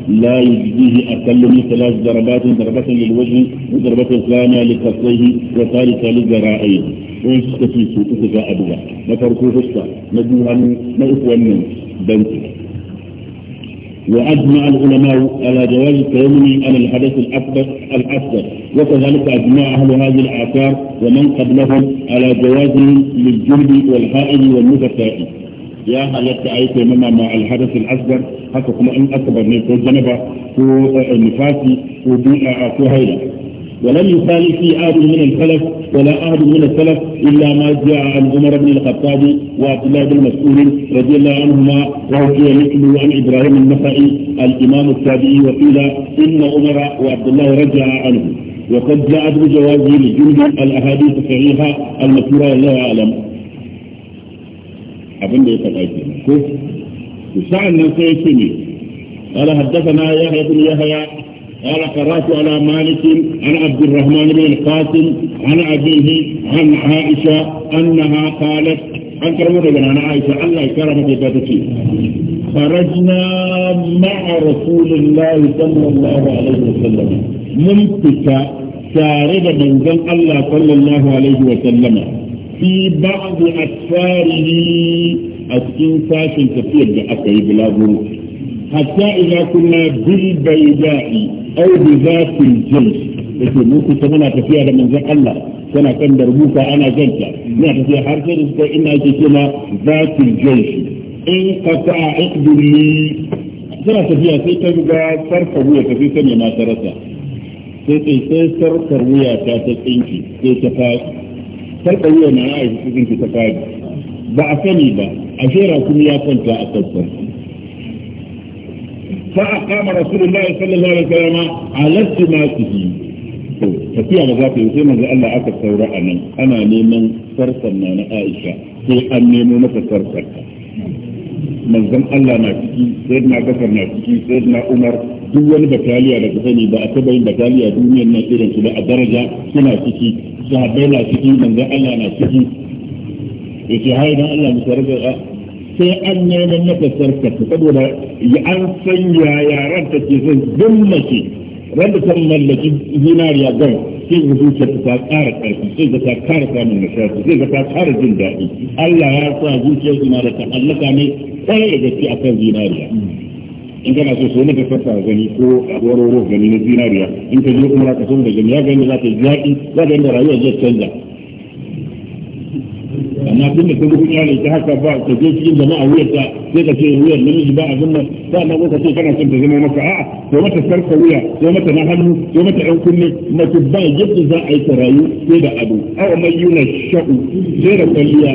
لا يجديه أقل من ثلاث ضربات ضربة للوجه وضربة ثانية لخصيه وثالثة للذرائين وليس في سوء أبوه ما تركوه فشطة ما دوها من ما أفوى منه وأجمع العلماء على جواز التيمم على الحدث الأكبر الأكبر وكذلك أجمع أهل هذه الآثار ومن قبلهم على جواز للجلد والحائل والمتسائل يا هل أي تيمم مع الحدث الأكبر حتى كما إن أكبر من في ونفاسي وبيئة هيئة. ولم يخالف فيه من الخلف ولا عاد من السلف إلا ما جاء عن عمر بن الخطاب وعبد الله بن مسعود رضي الله عنهما وهو مثله عن إبراهيم النخعي الإمام التابعي وقيل إن عمر وعبد الله رجع عنه وقد جاء ابن جوازي للجند الأحاديث الصحيحة المذكورة والله أعلم ابن da ya faɗa ke ko قال حدثنا يحيى بن يحيى قال قرأت على مالك عن عبد الرحمن بن القاسم عن أبيه عن عائشة أنها قالت عن أن بن عن عائشة الله كرمت بابك خرجنا مع رسول الله صلى الله عليه وسلم ممتك تارد من ذن الله صلى الله عليه وسلم في بعض أسفاره أسكنساش كثير بحق بلا حتى إذا كنا بالبيداء أو بذات jins. yake mu kusa muna tafiya da manzon Allah tana kan darbuka ana janta muna tafiya har sai da ina yake kuma zatul jins. in ka qata iqdumi tana tafiya sai ta ga sarfa wuya ta sai ne ma tarasa sai sai sai sarfar wuya ta ta tsinki sai ta faɗi sarfar wuya na ya yi tsinki ta faɗi ba a sani ba a shera kuma ya kwanta a kansa فأقام رسول الله صلى الله عليه وسلم على التماسه da za ta yi aka saura a ana neman sarsan na na Aisha sai an nemo mata sarsan manzon Allah na ciki sai na Bakar na ciki sai na a duniyar nan irin a daraja ciki dan sai an neman mata sarkata saboda an sanya yaran ta ke son don mace randa ta mallaki zinariya gan sai ga zuciyarta ta ƙara ƙarfi sai ga ta ƙara samun nishaɗi sai ga ta ƙara jin daɗi Allah ya sa zuciyar zina da ta'allaka ne kwarai da gaske akan zinariya in kana so so ne ka sassa gani ko waroro gani na zinariya in ka je umra ka so da gani ya gani za ta yi daɗi za ka yi da rayuwar zai canza amma tun da ka gudun yare ta haka ba ka je cikin jama'a wuyar ta sai ka ce wuyar namiji ba abin nan sa na ka ce kana son ta zama maka a'a ko mata sarka wuya ko mata na hannu ko mata ɗan kunne mace ba yadda za a yi ta rayu sai da abu awa mai yuna sha'u sai da kwalliya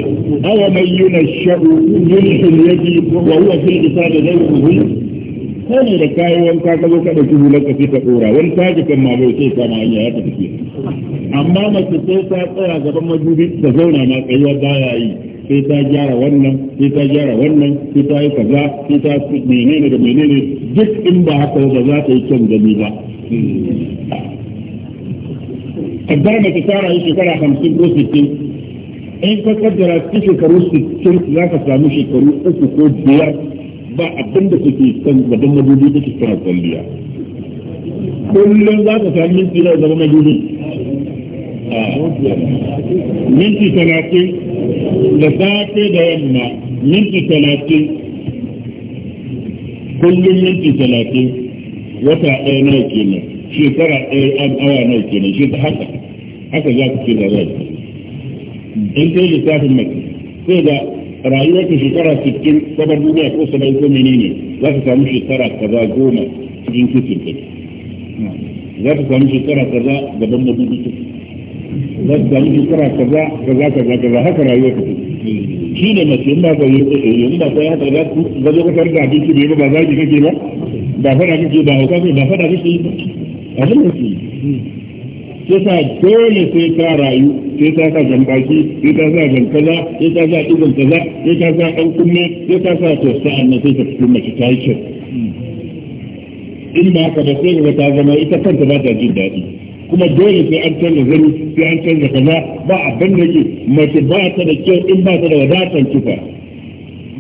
awa mai yuna sha'u yunifin yaji wa huwa da isa da zai kuhu ko ne da kayan wanka ka zo ka ɗauki hular ka sai ka ɗora wani tajikan ma bai sai na hanya ya tafi amma mace sai ta tsaya gaban madubi ta zauna na tsayuwa baya yi sai ta gyara wannan sai ta gyara wannan sai ta yi kaza sai ta menene da menene duk in ba haka ba za ta yi kyan gani ba kaddara mace ta rayu shekara hamsin ko sittin in ka kaddara su shekaru sittin za ka samu shekaru uku ko biyar ba abin da suke son gaban madubi take kira kwalliya kullum za ka sami minti na gaban madubi minti talatin da safe da yamma minti talatin kullum minti talatin wata ɗaya n'a nawa kenan shekara ɗaya an awa nawa kenan shi haka haka za ku ce da zai in kai lissafin mai sai da rayuwar ta shekara 60 sabar duniya ko sabar ko menene za ka samu shekara kaza goma cikin kitchen za ka samu shekara kaza gaban mabudu za su samu shekara kaza kaza kaza kaza haka rayuwa ta shi ne mace in ba ka yi yanzu eh, eh, ba kai haka za ku ga lokacin da abinci da yi ba za ki kake ba ba fada kake ba hauka ba fada kake ba abin da ke sa dole sai ta rayu ke ta sa jambaki ke ta sa jankaza ke ta sa ɗigon kaza ke ta sa ɗan kunne sai ta sa to sa'an na sai ta cikin mace ta yi kyau in ba haka ba sai ta zama ita kanta ba ta jin daɗi kuma dole sai an canza gani sai an canza kaza ba abin da ke mace ba ta da kyau in ba ta da wadatar kifa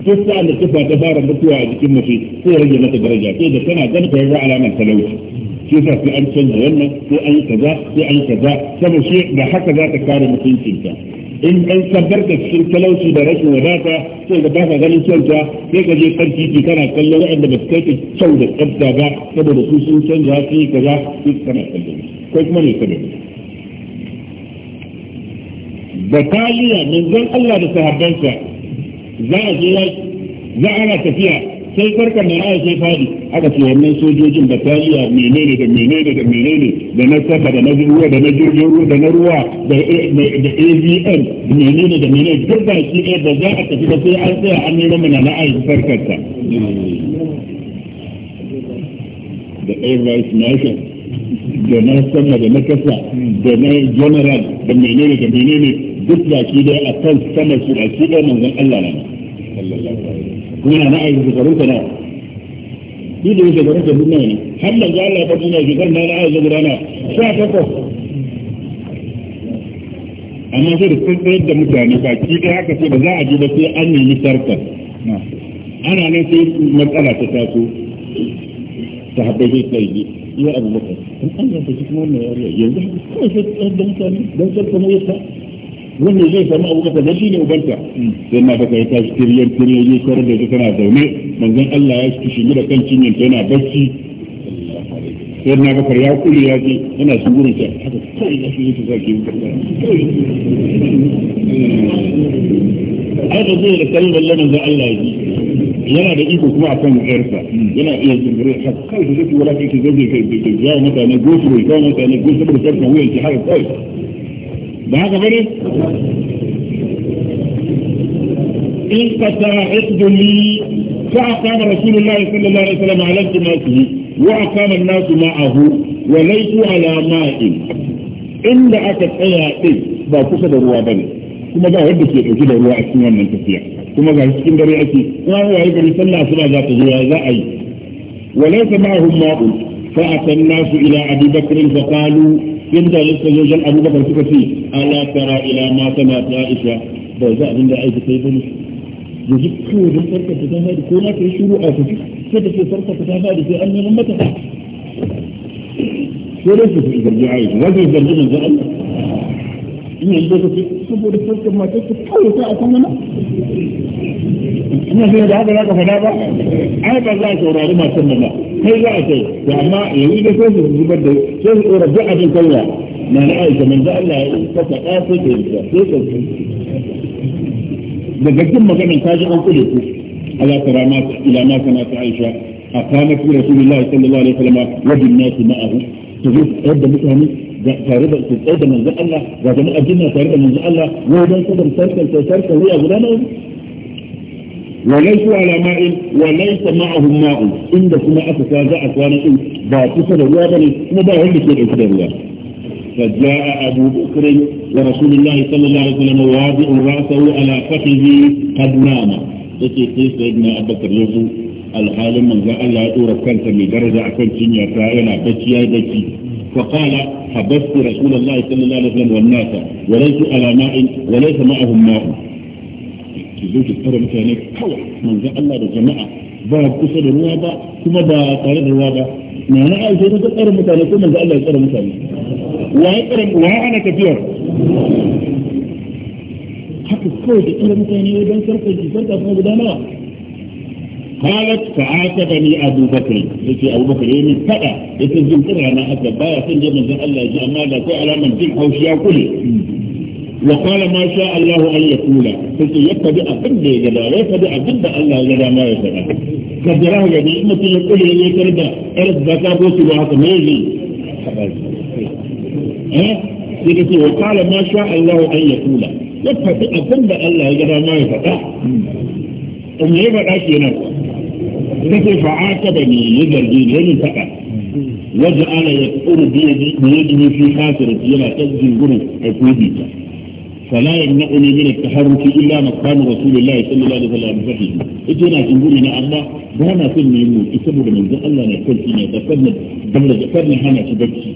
duk sa'an da kifa ta fara mutuwa a jikin mace sai rage mata daraja sai da tana gani ta yanzu alamar talauci shi sa sai an canza wannan sai an yi kaza sai an yi kaza saboda shi da haka za ta kare mutuncinta in an sabar da cikin talauci da rashin wadata sai ka baka ganin kyauta sai ka je kan titi kana kallon waɗanda ba su kai kyau da tsabta ba saboda su sun canza su yi kaza su kana kallon su ko kuma mai sababi bataliya manzon Allah da sahabbansa za a je za ana tafiya sai farkon mai aya sai fadi aka ce wannan sojojin da taliya menene da menene da menene da na saba da na ruwa da na jirgin ruwa da na ruwa da avn menene da menene duk ba shi ɗaya da za a tafi da sai an tsaya an nuna mana na aya farkon ta hmm. da air vice nation da na sama da na kasa da na general da menene da menene duk da shi dai a kan sama su a shi dai manzon Allah ne kuma na aiki shekarun ta na shi da yake shekarun ta duniya ne har da Allah ya faɗi na shekarun na na aiki gudana sha takwas amma sai da sun tsayar da mutane ba ki dai haka ce ba za a ji ba sai an nemi sarkar ana nan sai matsala ta taso sahabbai zai kai ji ya abu bakar in Allah ta cikin wannan yariya yanzu kawai sai tsayar da mutane don sai kuma ya sa wannan zai samu abu bakar da shi ne ubanta sai na baka ya tashi tiriyar tiriyar ya kwarar da tana zaune manzon Allah ya shi shigo da kan cinyar yana bacci sai na bakar ya kule ya ce yana shi gurin sa haka kawai ya shi yake zaki ai da zai da kallon lamarin Allah ya ji yana da iko kuma akan yarsa hmm. yana iya zungure a kai da zai wala kike zai kai da ya mutane gosu kai mutane gosu da sarka wuyan ki har kai ba haka bane in ka ta ikduli فأقام رسول الله صلى الله عليه وسلم على التماسه وأقام الناس معه وليسوا على ماء إلا أتت أيها ba kusa da ruwa bane kuma ba wanda ke ɗauki da ruwa a cikin wannan tafiya kuma ga cikin dare ake kuma waye gari sallah suna za ta zuwa za a yi walaysa ma'ahum ma'un fa atannasu ila abi bakr fa qalu yanda lissa zojan abu bakr suka ce ala tara ila ma sana aisha ba za abin da aisha ta yi bane yanzu kawai don farka ta zama da ko na ta yi shuru a kuɗi sai da ke farka ta zama da sai an neman mata ko dai su zargi aisha wajen zargi manzo Allah in yanzu lokaci saboda fuskar mata ta kawai ta a kan mana ina sai da haka za ka faɗa ba ai ba za a saurari matan nan ba kai za a kai to amma yanzu da sai su zubar da sai su ɗora duk abin kalla na na aisha manzo Allah ya kasa ɗaya sai ta yi sai ta daga jin maganar ta ji an kule ku ala tara ma ila ma kana ta aisha a kana fi rasulullahi sallallahu alaihi wasallam wa bin nasi ma'ahu to yadda mutane tare da kusai da manzo Allah ga jama'ar jinna tare da manzo Allah ne dan kadar sarkar sai sarkar ruwa guda ne wa laysa ala wa laysa ma'ahum ma'un inda kuma aka sa za a kwana din ba kusa da ruwa bane kuma ba wanda ke dauke da ruwa فجاء أبو بكر ورسول الله Haduna الله عليه وسلم واضع رأسه على فخذه قد نام. تكي سيدنا أبو بكر يزو الحالم من جاء الله يقول ركنت من درجة أكون شنيا تائنا بشيا بشيا فقال حبست رسول الله صلى الله عليه وسلم والناس وليس على ماء وليس معهم ماء زوج ترى مثلا كوع من جاء الله الجماعة باب كسر الروابة ثم باب طالب الروابة ما أنا عايز أن تقرأ مثلا ثم جاء الله يقرأ مثلا ويقرأ وأنا كثير حق كوي تقرأ مثلا يبان سرقة سرقة ما بدأ قالت فعاتبني أبو بكر يتي أبو بكر إيه يمن فأى يتي الزنطر أنا أتبايا فين يمن ذا الله جاء ما لا تعالى من جل حوشيا كله وقال ما شاء الله أن يقول قلت يتبع ضد جدا ويتبع ضد الله جدا ما يتبع فجراه جدي إما تقول لي يتربى أرد بكا بوسي وعطا ميزي ها يتي وقال ما شاء الله أن يقول يتبع ضد الله جدا ما يتبع أم يبقى نفسه فكيف عاتبني يجرجين يلي فقط وجعل يقول بيده في خاطر يلا تجي الجرم أكويدي فلا يمنعني من التحرك إلا مقام رسول الله صلى الله عليه وسلم فيه إجينا يا الله بهنا كل من يموت يسبب من ذا الله نقول فينا ذكرنا بل ذكرنا هنا تبكي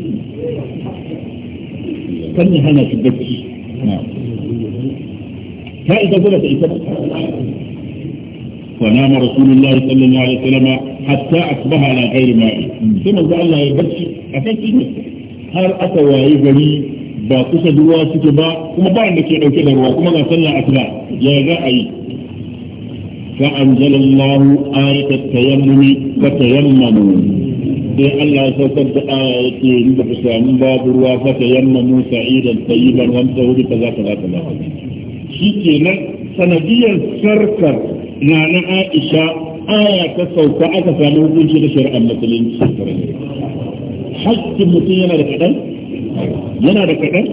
ذكرنا هنا تبكي نعم فإذا قلت إسبب فنام رسول الله صلى الله عليه وسلم حتى أصبح على غير ماء ثم قال الله يبكي أفكي هل أتوى يبني ba kusa da ruwa suke ba kuma ba da ke dauke da ruwa kuma ga sallar asuba ya ga ayi fa anzalallahu ayatat tayammumi fa tayammamu sai Allah ya saukar da aya yake ni da kusamu babu ruwa fa tayammamu sa'idan tayyiban wanda wuri shi kenan sanadiyar sarkar na na Aisha aya ta sauka aka samu hukunci da shari'ar musulunci hakkin mutum yana da kaɗan yana da kaɗan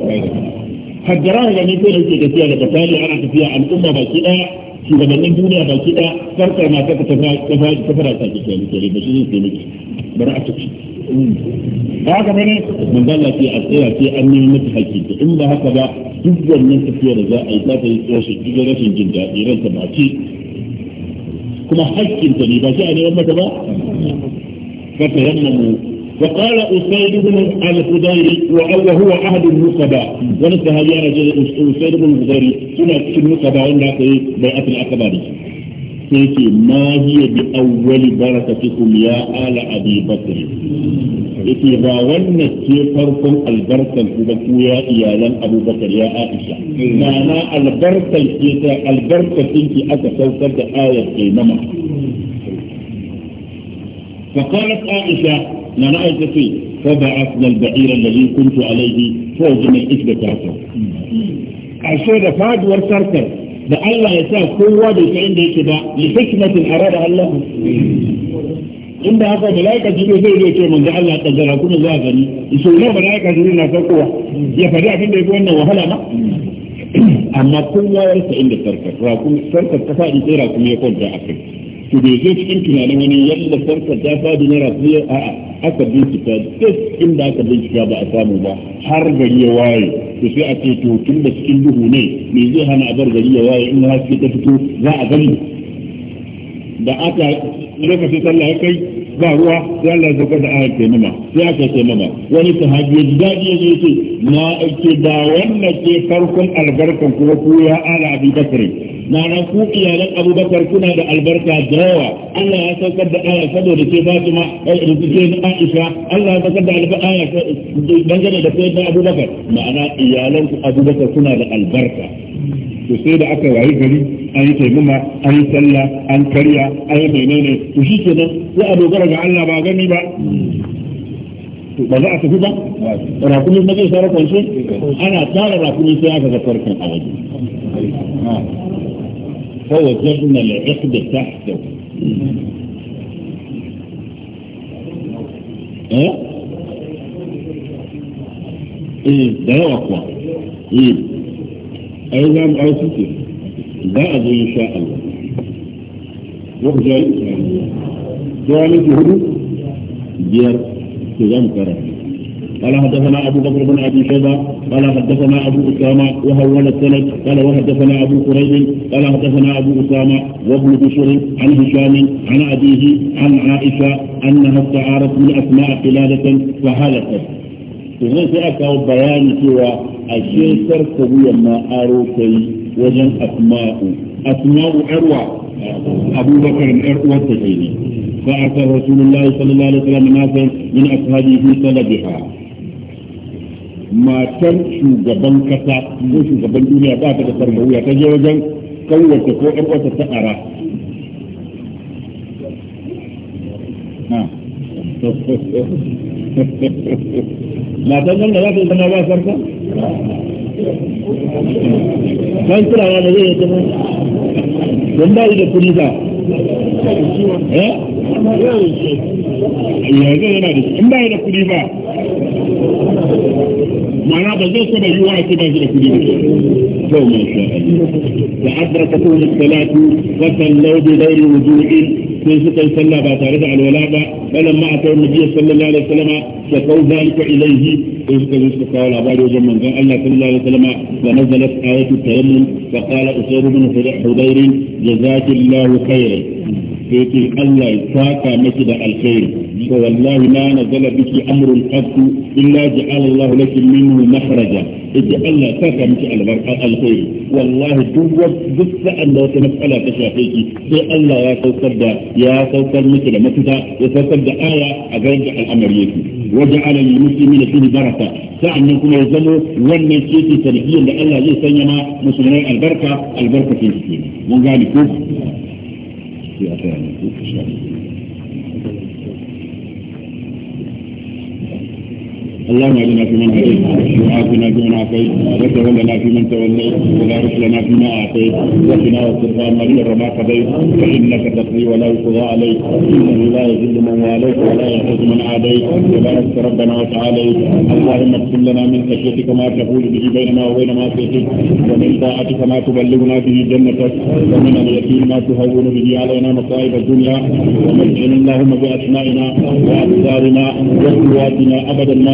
hajjara da ne ko da yake tafiya daga tali ana tafiya al'umma baki ɗaya shugabannin duniya baki ɗaya sarkar na ta tafa ta fara ta kike ne kare ba shi ne ke bari a tafi ba haka bane mun zalla ce a tsaya sai an nemi mata hakki in ba haka ba duk wannan tafiya da za a yi za ta yi rashin jin daɗi ranta ba ce kuma haƙƙin ta ne ba shi a neman mata ba fa tayammamu wa qala usayd ibn al-hudayr wa huwa ahad al-nuqaba wani sahabi ya raje usayd ibn al-hudayr suna cikin nuqaba wanda aka yi bai'atul aqaba da shi sai ce ma hiya bi awwali barakatikum ya ala abi bakr yace ba wannan ce farkon albarkan ku ba ku ya iyalan abubakar ya aisha ma'ana albarkan ce ta albarkatin ki aka saukar da ayar kaimama فقالت عائشة لنا عائشة فبعثنا البعير الذي كنت عليه فوزنا الإثبات عشر عشان فاد وارتركت da Allah ya sa kowa da ita inda yake ba li hikmatin arada Allah inda haka malaika jibril zai zai ce manzo Allah kaddara kuma zuwa gani so ne malaika jibril na saukowa ya faɗi abin da yake wannan wahala ba amma kowa ya rasa inda sarkar rakumi sarkar ta faɗi tsira kuma ya kwanta a kai su bai je cikin tunanin wani yadda farkar ta fadi naira fiye a aka bincika duk inda aka bincika ba a samu ba har gari ya waye to sai a ce to tun da cikin duhu ne me zai hana a bar gari ya waye in haske ta fito za a gani da aka lokacin sallah ya kai ba ruwa sai Allah ya saukar da ayar taimama sai aka taimama wani sahabi ya ji ya ce na ake da wannan ke farkon albarkan kuma ko ya ala abin bakari ma'ana ku iyalan abubakar kuna da albarka da yawa Allah ya saukar da aya saboda ke fatima rubuce eh, na aisha Allah ya saukar da aya dangane da sai da abubakar ma'ana iyalan ku abubakar kuna da albarka to sai da aka wayi gari an yi taimama an yi sallah an karya an yi menene to shi kenan sai a dogara ga Allah ba gani ba ba za a tafi ba rakumi na zai sarakon shi ana tara rakumi sai aka ga farkon a waje فوجدنا العقد تحته ايه ايه ده اقوى ايه اي نعم او ستة بعد ان شاء الله وقت جاي ثالث هدو بيار تزام كرامي قال حدثنا ابو بكر بن ابي شيبه قال حدثنا ابو اسامه وهو السند قال وحدثنا ابو قريب قال حدثنا ابو اسامه وابن بشر عن هشام عن ابيه عن عائشه انها استعارت من اسماء قلاده فهلكت. وهو سيأتى بيان سوى الشيخ سوي ما اروكي وجن اسماء اسماء اروى ابو بكر اروى السيدي فاتى رسول الله صلى الله عليه وسلم نافع من اصحابه في طلبها matan shugaban kasa ko shugaban duniya ba ta da farma wuya ta je wajen kanwarta ko ɗan uwarta ta ara *laughs* matan nan da za ta yi zama ba farka kan turawa da zai yi kuma don ba da kuri ba eh? ya yanzu yana da in ba da kuri ba وحضر الصلاه وصلوا بغير وجود من سكه صلى بعد رفع الولاده فلما اتى النبي صلى الله عليه وسلم شكوا ذلك اليه في سكه يسقط على بعض وجمع قال الله صلى الله عليه وسلم ونزلت ايه التيمم فقال اسير بن حضير جزاك الله خيرا da yake Allah ya saka miki da alkhairi to wallahi ma nazala biki amrun qattu illa ja'ala Allah laki minhu makhraja idan Allah ya saka miki albarka alkhairi wallahi duk duk sa'an da wata matsala ta shafe ki sai Allah ya saukar da ya saukar miki da mafita ya saukar da aya a ga yadda al'amari yake waja'ala da muslimina fihi baraka sa'annan kuma ya zamo wannan ce ce tarbiyyar da Allah zai sanya ma musulmai albarka albarka ce mun gane ko sai a taya ne ko اللهم اهدنا فيمن هديت وعافنا فيمن عافيت وتولنا فيمن توليت وبارك لنا فيما اعطيت وقنا واصرف عنا غير ما قضيت فانك تقضي ولا يقضى عليك انه لا يذل من واليت ولا يعز من عاديت تبارك ربنا وتعاليت اللهم اغفر لنا من خشيتك ما تقول به بيننا وبين ما معصيتك ومن طاعتك ما تبلغنا به جنتك ومن اليقين ما تهون به علينا مصائب الدنيا ومجعل اللهم باسمائنا وابصارنا وقواتنا ابدا ما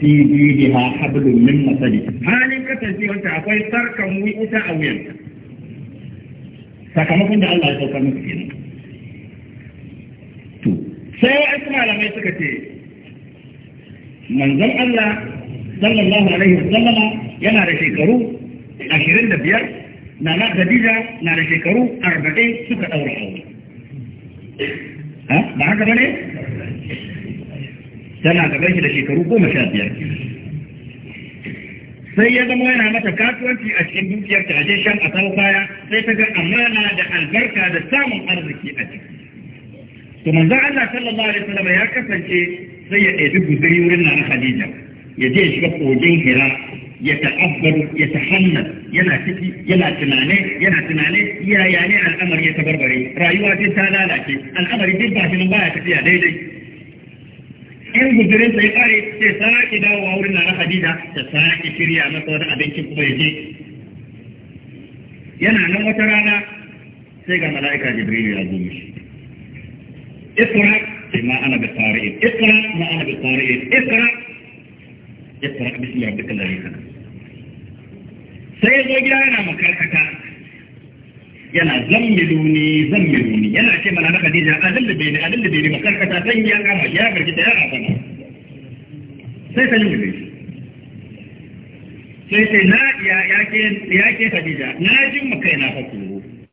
fi jiriha hablum min masadi halin kasancewarta akwai sarkan wuta a wuyan? sakamakon da Allah ya saukar musu kenan to sai wa'ansu malamai suka ce manzon Allah sallallahu alaihi wasallama yana da shekaru ashirin da biyar na na Khadija na da shekaru arba'in suka ɗaura aure ba haka ba ne tana gaban shi da shekaru goma sha biyar sai ya zama yana mata kasuwanci a cikin dukiyar ta aje shan a sau baya sai ta ga amana da albarka da samun arziki a ciki to manzon Allah sallallahu alaihi wasallam ya kasance sai ya ɗebi guzuri wurin nan Khadija ya je shiga kogin Hira ya ta'abbaru ya tahanna yana ciki yana tunane yana tunane al'amari ya tabarbare rayuwa din ta lalace al'amari din ba shi baya tafiya daidai in guzurin sai kare sai sake dawowa wurin na Khadija ta sake shirya masa wani abinci kuma ya je yana nan wata rana sai ga mala'ika Jibril ya zo mishi Isra sai ma ana da tarihi Isra ma ana da tarihi Isra Isra bismi rabbikal ladhi khalaq sai ya zo gida yana makarkata yana duni, zammiluni duni, yana ce mana na Khadija a bai ne a ne ba karkata dan ya kama ya gargita ya kama sai sai ne sai sai na ya ke ya ke Khadija na ji mu yana fa tsoro